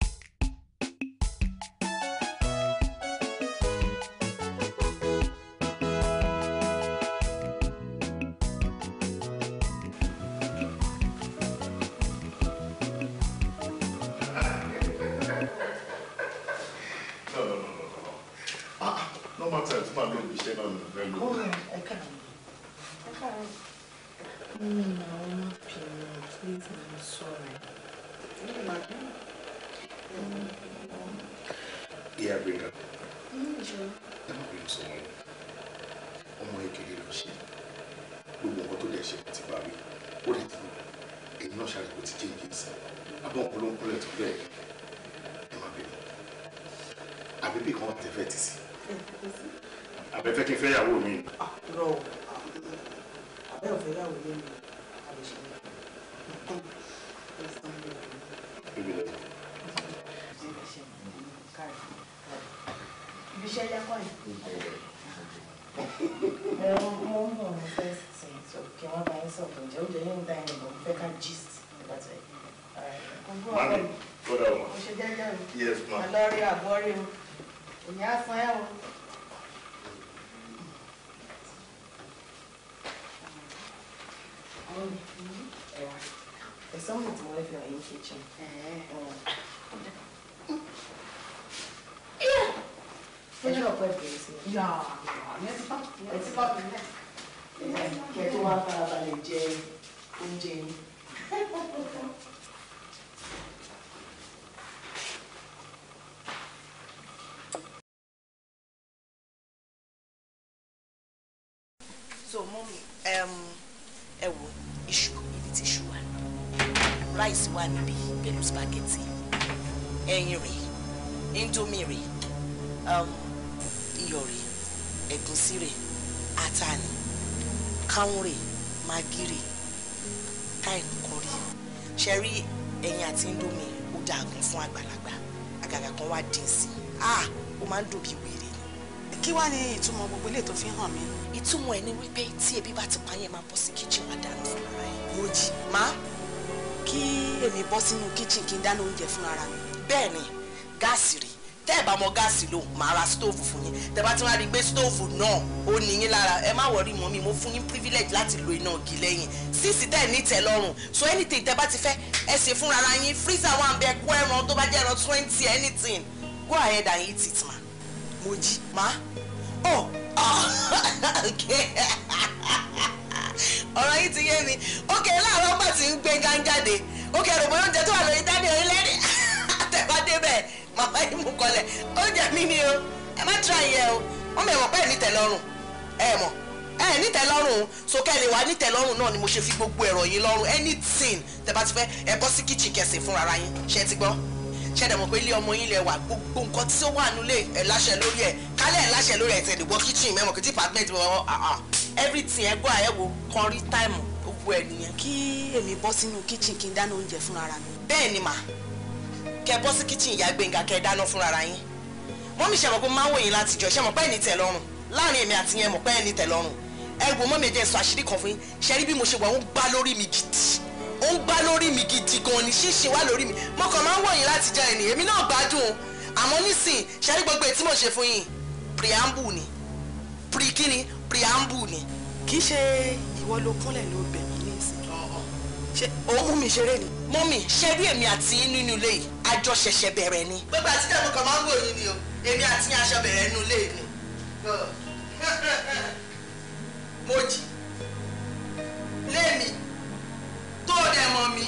gbéra. ẹ má bínú sọmọ yìí ọmọ ìkéré ló ṣe gbogbo nǹkan tó dẹ̀ ṣe ti bá mi ó dẹ̀ ti mú èmi náà ṣàlùkò ti jẹ́ ìgbésí abọ́n polóńpolẹ̀ tó bẹ́ẹ̀ ẹ má bínú àbíbí kan wà tẹ́fẹ́ tì sí abẹ́fẹ́ kí n fẹ́ yàwó mi. àbẹ́ òfẹ́ yàwó mi ni. iṣẹ́ yẹ́kọ̀ yìí. ẹ̀rọ mo ń bọ̀ ní first thing so kí wọ́n bá yín sọ̀tọ̀ ǹjẹ́ oúnjẹ yín ń da ẹ̀yìn bọ̀ fẹ́ ká gist nígbà tó yẹ. mami mo ṣe jẹ́jẹ́ o. yes ma. alọ́rí àbọ́rí o. èmi á san ẹ́ o. There's something to worry about in the kitchen ẹjọ́ ọ̀pọ̀ ẹ̀ bẹ̀rẹ̀ sí i. ẹ ti bá mi náà kẹ tó wá farabalẹ̀ jẹ oúnjẹ yín. so mọ́mí ẹ um, wo iṣu ibi tí iṣu wà rice one níbí pẹ̀lú spaghetti ẹyin rèé indomie Um, iyọ̀ rè ẹ̀gúnsí rè ata ni káwọn rè magi ẹyin àti indomi ó dáa gan fún àgbàlagbà àgàgà kan wá dín sí ah ó máa ń dùn bí wèrè ni. kí wàá ní ìtumọ̀ gbogbo ilé tó fi hàn mí. ìtumọ̀ ẹ̀ ni wípé tí ebi bá ti pa yẹn máa bọ́ sí kíchìn wá dáná fún ara ẹ̀. Mojí má kí èmi bọ́ sínú kíchìn kí n dáná oúnjẹ fún ara mi. bẹ́ẹ̀ ni gáàsì rè tẹ́ ẹ̀ bá mọ gáàsì lò máa ra stóòfù fún yín tẹ́ bá ti wá rí i stóòfù náà ó ní yín lára ẹ má wọrí mọ́ mi mo fún yín privilege láti lo iná ògì lẹ́yìn síìsì tẹ́ ẹ̀ ní tẹ́ lọ́rùn so anything tẹ́ bá ti fẹ́ ẹ ṣe fúnra ara yín freezer wà ń bẹ kó ẹran tó bá jẹ́ ẹran twenty anything go ahead and eat it ma mo jí ma oh ah, okay ọ̀rọ̀ yìí ti yé mi ókè láàárọ̀ pàtì ń gbé gánjáde ókè rògbòdò oúnjẹ tó wà lórí dání orílẹ̀-èdè àtẹ̀bá débẹ̀ màmá yìí mú kọlẹ̀ oúnjẹ mi ni o ẹ má tíra yẹ o wọ́n mẹ̀wọ̀ pẹ́ẹ́ ní tẹ̀lọ́rùn ẹ mọ̀ ẹ ní tẹ̀lọ́rùn sókè lè wá ní tẹ̀lọ́rùn náà ni mo ṣe fi gbogbo ẹ̀rọ yín lọ́rùn anything tẹ bá ti fẹ́ ẹ bọ́ sí kíchìn kẹsì fúnra ara yín ṣe ti gbọ́ ṣe dẹ̀ mọ̀ pé ilé ọmọ yín lẹ wà gbogbo nǹkan tí ó wà nílé ẹ̀ láṣẹ lórí ẹ̀ kálẹ̀ ẹ̀ láṣẹ lórí ẹ̀ tẹ̀ dìbò kíchìn mẹ́mọ̀ kí department mọ̀ ah, ah. everything ẹ̀ gbọ́ kan rí táìmù gbogbo ẹ̀ nìyẹn. kí èmi bọ́ sínú kíchìn kí n dáná oúnjẹ fúnra ara mi. bẹ́ẹ̀ màá kẹ bọ́ sí kíchìn ìyá gbẹ̀ngà kẹ dáná fúnra yín mọ́mí ṣe mọ̀ pé máa ń wòyìn láti jọ ṣe mọ̀ pé ẹni tẹ̀ lọ́rùn láàrin èmi àti yẹn mọ̀ pé ẹni tẹ̀ lọ́rùn ẹ wo mọ́mí ẹ̀jẹ̀ sọ àṣírí kan fún yín ṣe rí bí mo ṣe wà ń bá lórí mi gidi ó ń bá lórí mi gidi gan ni ṣíṣe wá lórí mi mo kàn máa ń wòyìn láti jọ ẹni èmi náà gbádùn àmọ́ nísìn ṣe rí gbogbo ètí mò ṣe fún yín preamble ni pre kíni preamble ni. kì í ṣe ìwọ ló kúnlẹ̀ ló bẹ̀ mí ní ìsìn. ṣé òun mú mi ṣeré ni mọ́mì ṣe rí èmi àti yín nínú ilé yìí àjọ ṣẹ̀ṣẹ̀ bẹ̀rẹ̀ ni. gbogbo àti dẹ́kun kan máa ń wò yín ni o èmi àti yín aṣọ bẹ̀rẹ̀ nínú ilé mi. mojì lémi tó dẹ̀ mọ̀ mí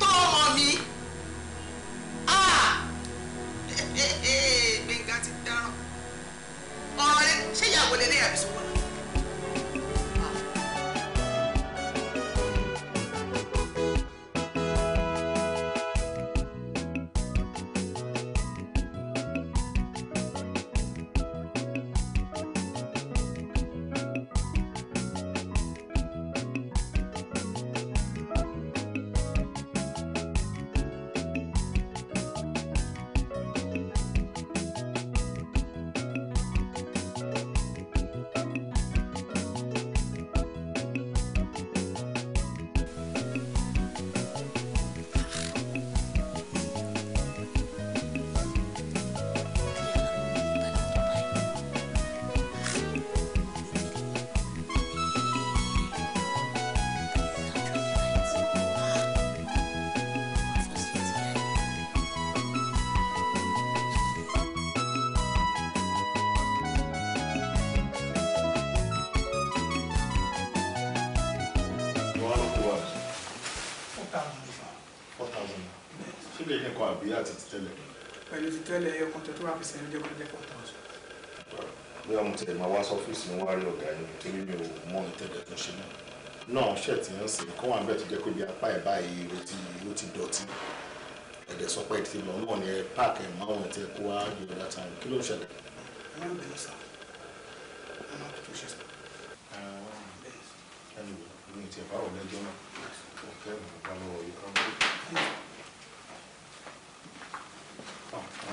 tó mọ̀ mí gbẹ̀ngà ti dáràn ọ̀rọ̀ ṣé ìyàwó lélẹ́yàbí sọ wọ́n kan àbí àti ti tẹ́lẹ̀. pẹ̀lú ti tẹ́lẹ̀ ẹyọ kan tó tó wà fi sẹ́yìn jẹ́ kọjá four o bóyá mo tẹ̀lé máa wá sọ́fíìsì mi wá rí ọ̀gá yẹn torí mi ò mọ ìtẹ̀lẹ̀ tó ṣe náà náà ṣẹ̀ tí ń sìn kó wà bẹ́ẹ̀ tó jẹ́ pé bí apá ẹ̀ báyìí ló ti dọ̀tí ẹ̀dẹ̀ sọ pé ti lọ náà ni ẹ páàkì ẹ̀ máa wọ̀n tẹ kó wá yọ láta rẹ̀ kí ló ń ṣẹlẹ̀. ẹnu mi ti ẹ̀ bá wọ̀ lẹ́jọ́ náà ọ̀kẹ́ mi lọ́wọ́ yìí ká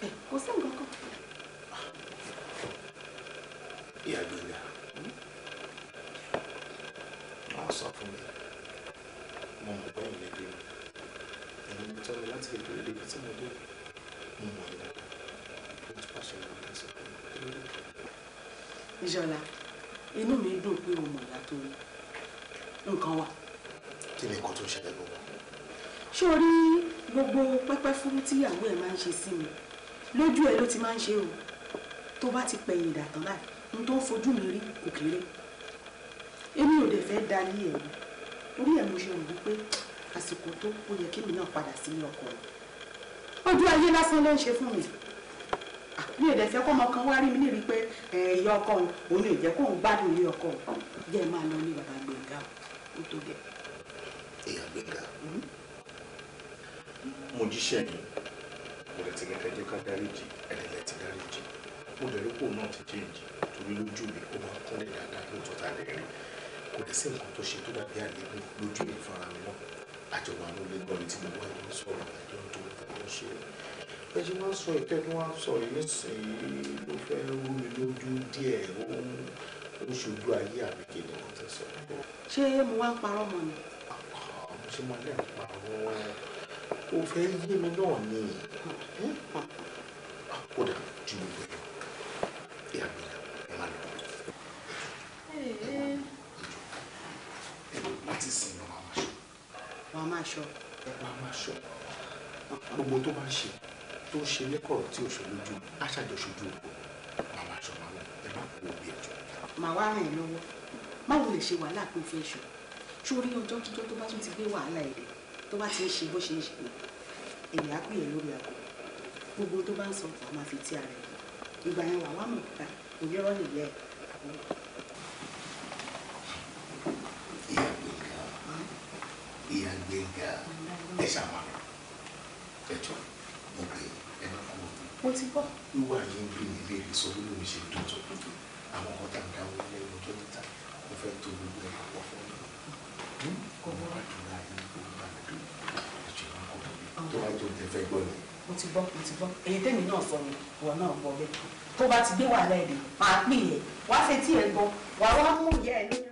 kò sí nǹkan kan. ìyá gbẹ̀ngà wọ́n sọ fún mi mo mọ̀ pé ìyẹn dé mi ẹ̀yin mi tọ́lọ láti ètò èdè ibi tí mo dé mo mọ̀ ní dáadáa mo ti pàṣẹ inú mi dùn pé o mọ̀ ìyá tó rí nǹkan wà. kí ni nǹkan tó ń ṣẹlẹ̀ lọ́wọ́. ṣé o rí gbogbo pẹ́pẹ́ fún tíyàwó ẹ̀ máa ń ṣe sí mi lójú ẹ ló ti máa ń ṣe o tó bá ti pẹ̀yìn ìdàtàn láì ní tó ń fojú mi rí kò kéré èmi ò dẹ̀ fẹ́ da ilé ẹ̀ orí ẹ̀ mo ṣe rò wípé àsìkò tó ó yẹ kémi náà padà sílé ọkọ rẹ̀ ojú ayé lásán ló ń ṣe fún mi mi ò dẹ̀ fẹ́ kọ́ ọmọ kan wá rí mi ní rí pé ìyá ọkọ òun òun lè jẹ́ kóun gbádùn ilé ọkọ òun jẹ́ máa lọ ní bàbá Gbẹ̀ngà ó tó dẹ̀. ìyá Gbẹ̀ngà hmm? mo jíṣẹ́ yìí mo lè ti ní kẹjẹ ká dáríjì ẹ̀dẹ̀lẹ̀ ti dáríjì mo lè rí pòun náà ti jẹ́ǹjì torí lójú mi ó máa kúnlẹ̀ dáadáa lóòótọ́ ta lè rí kò dẹ̀ sí nǹkan tó ṣe tó dàbí àlébù lójú mi fúnra mi náà àjọwọ́ àánú lè gbọ́ mi tí mo wá ìlú sọ̀rọ̀ àjọ ń tó ń ṣe bẹ́ẹ̀ ṣe máa ń sọ ìtẹ́nu wá sọ yìí nísìnyí ló fẹ́ rú mi lójú díẹ̀ ó ń ṣojú ayé àbíkè o fẹ́ yé mi náà ni kódà ju gbogbo ẹ̀ ìyá mi ẹ má lọ. láti sin ní wàá máa ṣọ. wàá máa ṣọ. wàá máa ṣọ. gbogbo tó bá ń ṣe tó ń ṣe lẹ́kọ̀ọ́ tí òṣèlú ju aṣàjọṣojú ọkọ̀ wàá máa ṣọ máa lọ ẹ má kó òbí ẹjọ́. màá wá ràn ẹ́ lọ́wọ́ má wo lè ṣe wàhálà pé o fẹ́ ṣọ sórí ọjọ́ kíjọ́ tó bá tún ti gbé wàhálà ẹ̀ dẹ̀ tó bá ti ń ṣe bó ṣe ń ṣe èyí á pèyẹ lórí àpò gbogbo tó bá ń sọ wàá máa fi tí ara ẹ̀ ìgbà yẹn wàá wà mọ̀ nípa onírọ́ nìyẹn àbúrò. ìyá gbẹ̀ngà ẹ ṣàmàlà ẹ jọ mo pè ẹ má kú omi. mo ti bọ̀. wíwá yín bí ilé ìsọ̀rọ̀ ló ń ṣe dùn tó àwọn ọ̀tá ń dáwọ́ lẹ́nu ọjọ́ níta mo fẹ́ tó gbogbo ẹ̀ pọ̀ fún mi ọmọ àdúrà yìí gbogbo àdúrà ẹ̀jẹ̀ ń kọ́ mi tó bá jọ tẹ́fẹ́ gbọ́ ni. mo ti gbọ́ mo ti gbọ́ èyí tèmi náà sọ ni ìwọ náà gbọ́ bẹ́ẹ̀ tó bá ti gbé wàhálà ẹ̀ dé máa pín yẹn wá fẹ́ ẹ̀ gbọ́ wàá wá mú ìyá ẹ̀ lónìí.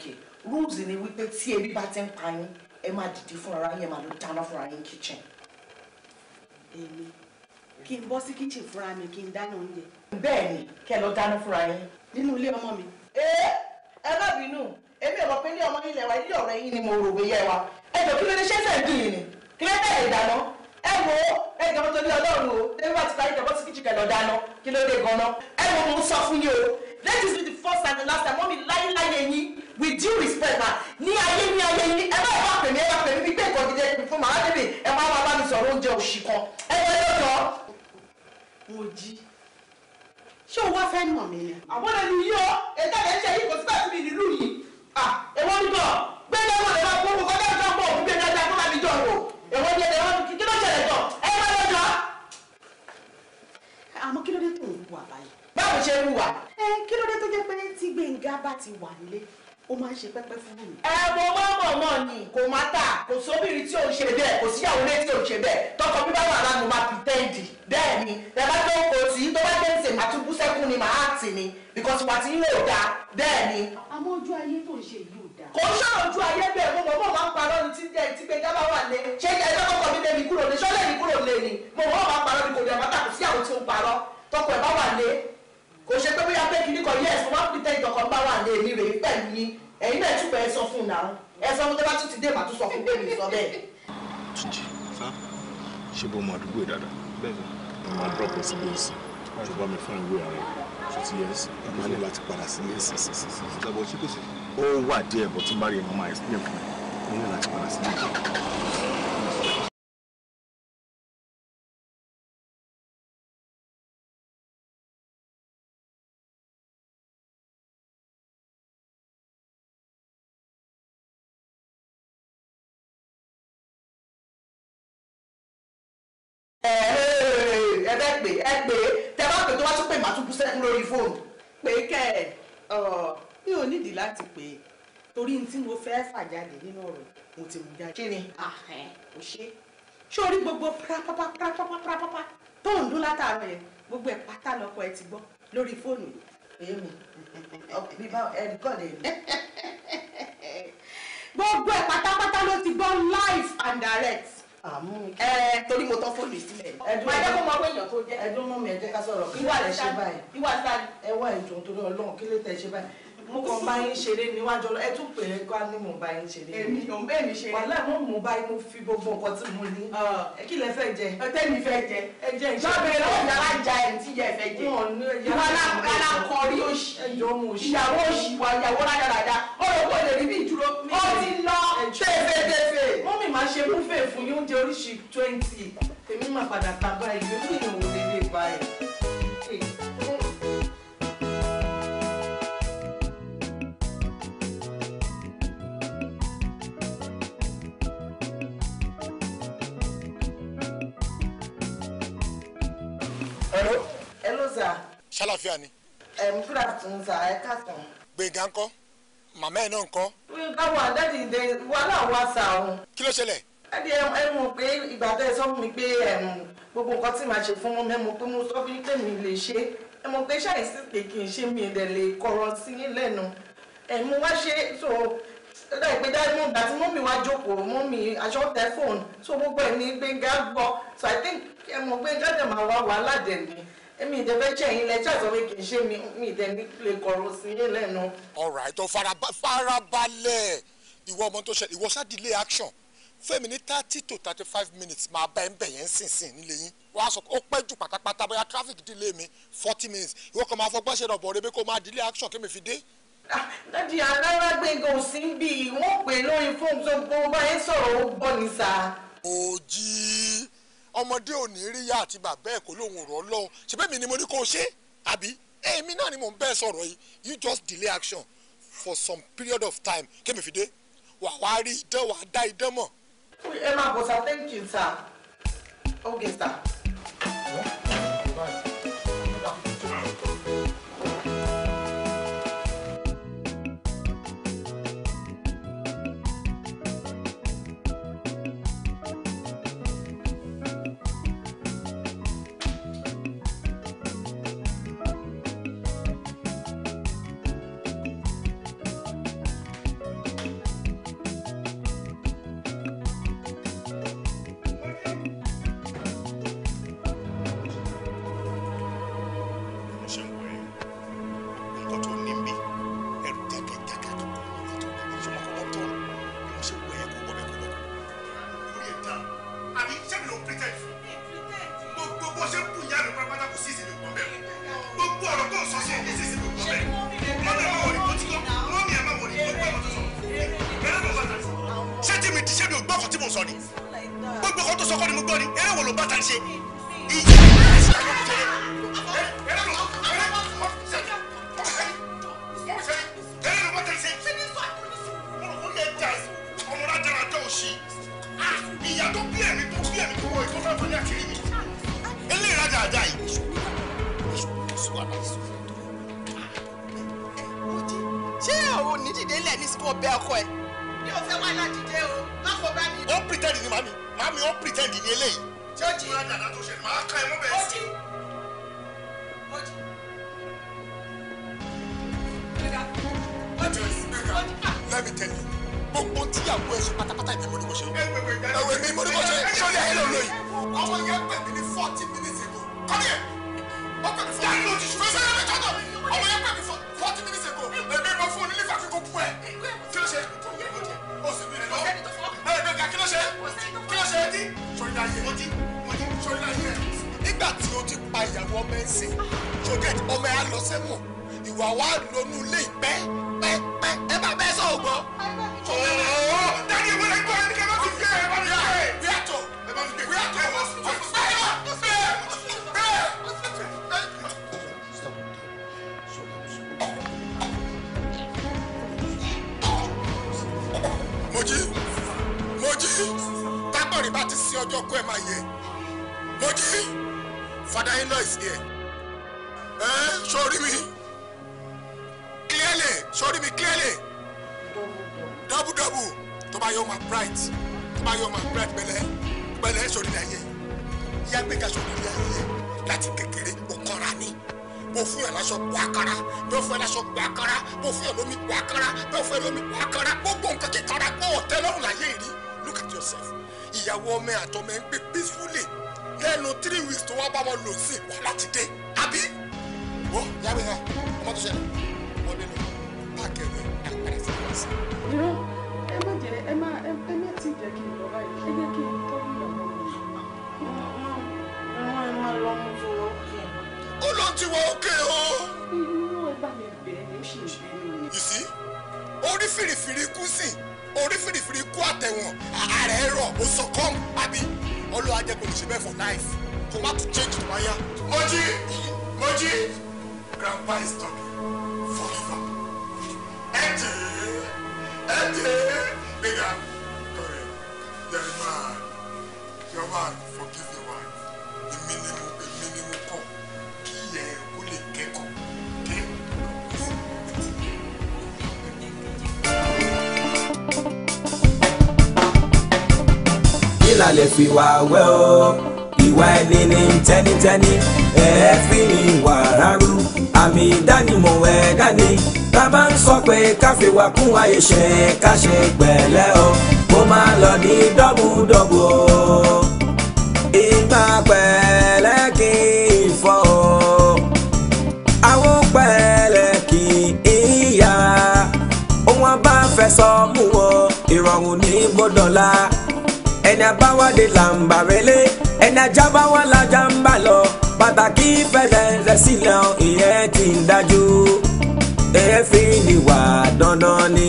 okay rules ni wípé tí ebi bá ti ń pa yín ẹ máa dìde fúnra yín ẹ máa lọ dáná fúnra yín kitchen. èmi kí n bọ́ sí kitchen fúnra mi kí n dáná oúnjẹ. bẹ́ẹ̀ ni kẹ́ ẹ lọ dáná fúnra yín. nínú ilé ọmọ mi. ẹ ẹ má bínú èmi ò mọ̀ pé ilé ọmọ ilẹ̀ wa ilé ọ̀rẹ́ yín ni mo rò bóyá wa. ẹ jọ kí ló dé ṣé sẹ́ẹ̀ dùn yìí ni kí ló dé ìdáná ẹ wo ẹ jọ̀wọ́ tó ní ọlọ́run o débi bá ti parí jọ̀wọ́ sí kitchen kẹ́ lọ dáná kí ló dé gan-an. ẹ wo mo sọ fún yín o let this be the first and the last time mọ́ mi láyé láyé yín with due respect ma ní ayé ní ayé ní ẹ bá ìbá pèmí ẹ bá pèmí mi pé nǹkan gidi ẹ pè fún màá débi ẹ má wá bá mi sọ̀rọ̀ oúnjẹ òṣì kan ẹ jẹ́ lọ́jọ́. mo jí ṣé o wá fẹ́ nà mí ni. àwọn ẹni yíyọ ètò ẹ̀ ṣe yìí kò sí bẹ́ẹ̀ sí mi nílùú yìí. à èwo ni bọ̀ gbé ní ẹ̀wọ̀n ẹ̀rọ kó kó kọ́tà ìjọ pọ̀ òkú gbé ní ẹja kó má mi jọ wò èwo ni ẹ̀rọ kí ló ṣẹlẹ̀ jọ ẹ má lọ jọ. àmọ́ kí ló dé tó ń wà báyìí. báwo ṣe ń wà. ẹ kí ló dé tó jẹ́ pé tí Gbénga bá ti wà nílé ó máa ń ṣe pẹ́pẹ́ fún mi. ẹ mo mọ̀ mọ̀ ni kò má tà kò sóbìrì tí ò ń ṣe bẹ́ẹ̀ kò síyàwó lé tí ò ń ṣe bẹ́ẹ̀ tọkọ bí bá wà lánàá máa pìtẹ́ǹdì bẹ́ẹ̀ ni ẹ bá tó kò tí tó bá jẹ́ ìsè màá bú sẹ́kún ni màá tì ni because wà á ti ń lò dáa bẹ́ẹ̀ ni. àmọ́ ojú ayé tó ń ṣe yìí ò dáa. kò ń ṣòro ojú ayé bẹ́ẹ̀ mo mọ̀ mọ̀ máa ń parọ́ ni tí ẹ ti gbé dábàá wà lé ṣé ẹ lọ́kọ̀ọ́kọ́ mi lé mi kúrò lé ṣọ́lẹ̀ mi kúrò lé ni mo mọ̀ mọ̀ máa parọ́ ni kò dẹ̀ máa tà kò síyàwó tí ó parọ́ tọkọ ẹ̀ bá wà lé kò ṣe pé bóyá pé kìíní kan yes mo máa ń pìtẹ́ ìjọkan bá wà lé mi rèé pẹ̀lú yín ẹ̀yin náà túbọ̀ ẹ sọ fún un náà ẹ sọ fún tó tún ti dé màá tún sọ fún pé mi sọ bẹ́ẹ̀. Túnjí sá ṣé bó mọ àdúgbò ìdàdà bẹ́ẹ̀ máa drop ọ síbi èsì tó bá mi fún ìwé àwọn tó ti yẹ ẹsì ẹ máa ní láti padà sílé ẹsì sí sí sí. ìjàbọ̀ ṣé kò sí. ó wà díẹ̀ bọ̀ bá rí ẹ̀ mọ́ máa explain fún pè ẹ pè é tẹ bá pè tó bá tún pè má tún kú sẹ́kún lórí fóònù pé kẹ́ ẹ mi ò nídìí láti pè é torí ní tí mo fẹ́ fà jáde nínú ọ̀rọ̀ mo ti mú jáde. kí ni kò ṣe ṣé orí gbogbo pápápápápápápá tó ń dún látàárọ̀ yẹn gbogbo ẹ̀ pátá lọ́kọ ẹ ti gbọ́ lórí fóònù yìí. èmi mi bá ẹnì kọ́ lè mi. gbogbo ẹ̀ pátápátá ló ti gbọ́ live and direct àmú. ẹ torí mo tán fóònù sílẹ̀. ẹdùn máa jẹ́ kó mọ pé èèyàn tó jẹ́. ẹdùn mú mi ẹ jẹ́ ká sọ̀rọ̀ kí ló tẹ̀ ṣe báyìí. ìwà sáré. ẹ wá ìjọ nítorí Ọlọ́run kí ló tẹ̀ ṣe báyìí mo kàn bá yín ṣeré níwájú ọlọ ẹ tún pè é kó ní mo bá yín ṣeré. èmi ò ń bẹ́ẹ̀ mi ṣeré. wàhálà mo mú bá mo fi gbogbo nǹkan tí mo ní. Ah. ẹ kí lẹ fẹ́ jẹ. ọtẹ mi fẹ́ jẹ. ẹ jẹ ìṣe. lọ́bẹ̀rẹ̀ lọ́wọ́ ìyá alájà ẹ̀ tí ìyá ẹ̀ fẹ́ jẹ. wọn ní ìyá alákọ̀ọ́rí òṣì. ẹjọ́ mo ṣì. ìyàwó òṣì wa ìyàwó rádaràda ó lọ kó lè rí bí ìdúró. ó ti lọ tẹ́fẹ́tẹ́fẹ́. mọ́mì máa ṣe ṣàlàfíà ni. ẹ̀m good afternoon sir ẹ káàtàn. gbẹ̀ngà ńkọ́ màmá ẹ̀ náà ńkọ́. gbẹ̀ngà wà dáàdì ìdè wàhálà wà sà o. kí ló ṣẹlẹ̀. dáàdì ẹ mọ̀ pé ìgbà tẹ́ ẹ sọ fún mi pé gbogbo nǹkan tí màá ṣe fún mọ́ mẹ́mu pé mo sọ fún yín pé mi lè ṣe ẹ mọ̀ pé ṣàìsí pé kì í ṣe mi ìdẹ̀ lè kọ̀rọ̀ sí yín lẹ́nu ẹ̀ mo wá ṣe so lọ́dọ̀ ìpè dáìmọ̀ ìgbà tí mọ́mì wá jókòó mọ́mì aṣọ tẹ fóònù so gbogbo ẹ̀ ní Gbénga gbọ́ so I think ẹ mọ̀ pé Gbénga dẹ̀ máa wá wàhálà dẹ̀ ni èmi ìdẹ́fẹ́ jẹ́ yín lẹ́jọ́ àti ọ̀rẹ́ kì í ṣe mi mi ìdẹ́ ní lè kọ̀rọ̀ sí yín lẹ́nu. ọ̀rọ̀ àìtọ́ farabalẹ̀ ìwọ ọmọ tó ṣe ìwọ ṣá delay action fẹ́mi ní thirty to thirty five minutes máa bá ẹ̀ ń bẹ̀ yẹn sínsìn nílé yín wàá sọ ó pẹ́ jù pátápátá bóyá traffic delay mi forty minutes ìwọ kan máa fọgbọ́n ṣe rọ̀bọ̀ rẹ bí kò máa delay action kí mi fi dé ah, dadi alára gbẹ̀ngàn ò sí bí wọ́n pè lórí fóònù tó gbọ́ báyìí sọ̀rọ̀ ó gbọ́ ní sáà. òjì ọmọdé ò ní rí ya àti bàbá ẹ̀ kó lóun ọ̀rọ̀ ọlọ́run ṣebí mi ni mo ní kó o ṣe àbí èmi náà ni mò ń bẹ́ẹ̀ sọ̀rọ̀ yìí you just delay action for some period of time kémi fi dé wà wá rí idán wà á dá idán mọ̀. ẹ máa bọ̀ sá thank you sir. okay sir. ojí Let me tell you, gbogbo tíyàwó ẹ ṣe pátápátá ìmọ̀ ni mo ṣe. Ẹ̀wẹ̀ mi mo ni mo ṣe. Ṣọlá forty minutes ago. Kọ́ni ẹ̀, ó pè forty minutes ago. Èmi mo fún un sórí láyé ẹ̀ nígbà tí o ti pa ìyàwó ọmọ ẹ̀ sìn ọmọ ẹ̀ á lọ sẹ́wọ̀n ìwà wa lónú ilé ìpẹ́ pẹ́pẹ́ ẹ bá bẹ́ẹ̀ sọ ògbọ́n. ọ̀ọ́ dájú tábọ̀rì bá ti sin ọjọ́ kó ẹ máa yẹ. Bọ́dé, father-in-law is here. Ẹ sọ́rí mi. Clearly, sọ́rí mi clearly. Double double. Tó bá yọ ọmọ bright. Tó bá yọ ọmọ bright pẹ̀lẹ́. Pẹ̀lẹ́ sọ̀rí láyé. Ìyá gbé ka sọ̀rí láyé. Láti kékeré, ó kọ́ra ni bó fún yàrá sọ pọ̀ àkàrà bó fún yàrá sọ pọ̀ àkàrà bó fún yàrá omi pọ̀ àkàrà bó fún yàrá omi pọ̀ àkàrà gbogbo nǹkan kíkàrà pọ̀ ọ̀tẹ́ lọ́rùn láyé rí look at yourself ìyàwó ọmọ àtọmọ ẹ ń gbé peacefully lẹ́nu three weeks tó wá bá wọn lò sí wà láti dé àbí. wọ́n yàgbé ha ọmọ tó ṣẹlẹ̀ wọ́n nínú báàgì ẹ̀rọ àpẹẹrẹ sí i sí. irọ́ ẹ má jẹ ẹ má ẹ má ti jẹ́ kí n lọ báyìí ẹ jẹ́ kí n tọ́jú ìyàwó mi. wọ́n máa lọ mú tó wọ́n kẹ́. ó lọ ti wọ òkè o. inú ẹ bá mi bẹ̀ẹ́ ni ó ṣì ń bẹ̀ẹ́ mi. ìsí orí fìrìfìrì kú sí orí fìrìfìrì kú àtẹ̀wọ̀n ààrẹ rọ̀ ó sọ kọ́ọ̀mù àbí ọlọ́wà jẹ́ kó lè ṣe bẹ́ẹ̀ for life kó má to change tó wáyà. mojí mojí grandpa is talking forever. ẹ jẹ́ ẹ jẹ́ nígbà kọ̀rẹ́ jẹ́rìí máa yọ̀ la lè fi wà wẹ́ o. ìwà ẹni ní tẹ́nitẹ́ni ẹ fi ìwà rárú àmì ìdánimọ̀ ẹ̀dá ni bàbá ń sọ pé káfíwá kún àyèṣe káṣe pẹ̀lẹ́ o kó máa lọ ní dọ́bùdọ́bù o. ìgbà pẹ̀lẹ́ kì í fọ́ o. àwọn pẹ̀lẹ́ kì í yá. ohun abáfẹ́sọ̀ mú o ìrọ̀rùn ní gbọ́dọ̀ la ẹni abáwádé là ń bà wẹ́lẹ́ ẹni ajá bá wà lájà ń bà lọ pàtàkì fẹsẹ̀fẹsẹ̀ sílẹ̀ ìyẹn ti ń dájú èéfín ni wà dandan ni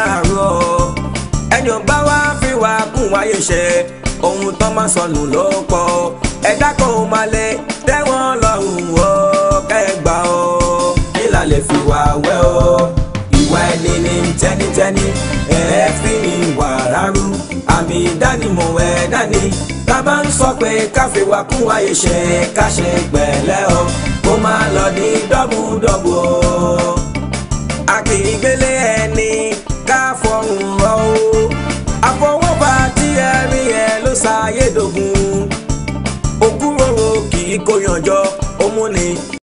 àárọ̀ ẹni ọba wa fi wà kún wáyé ṣe ohun tó máa sọnù ló pọ̀ ẹ̀dá kan ò máa lẹ tẹ́wọ́n lọ́rùn ó kẹgbà ó nílà lè fi wà wẹ́ ó ìwà ẹni ní tẹ́nitẹ́ni ẹ̀ẹ́fín ni wà rárú àmì ìdánimọ̀ ẹ̀dá ni bàbá ń sọ pé káfíwá kún wa iṣẹ́ káṣe pẹ̀lẹ́ o kó má lọ ní dọ́bùdọ́bù o àkìgbélé ẹni ká fọhùn rọ o àfọwọ́fà tí ẹ̀rí ẹ̀ ló ṣàyédògún òkúròrò kì í kó yànjọ òmùnì.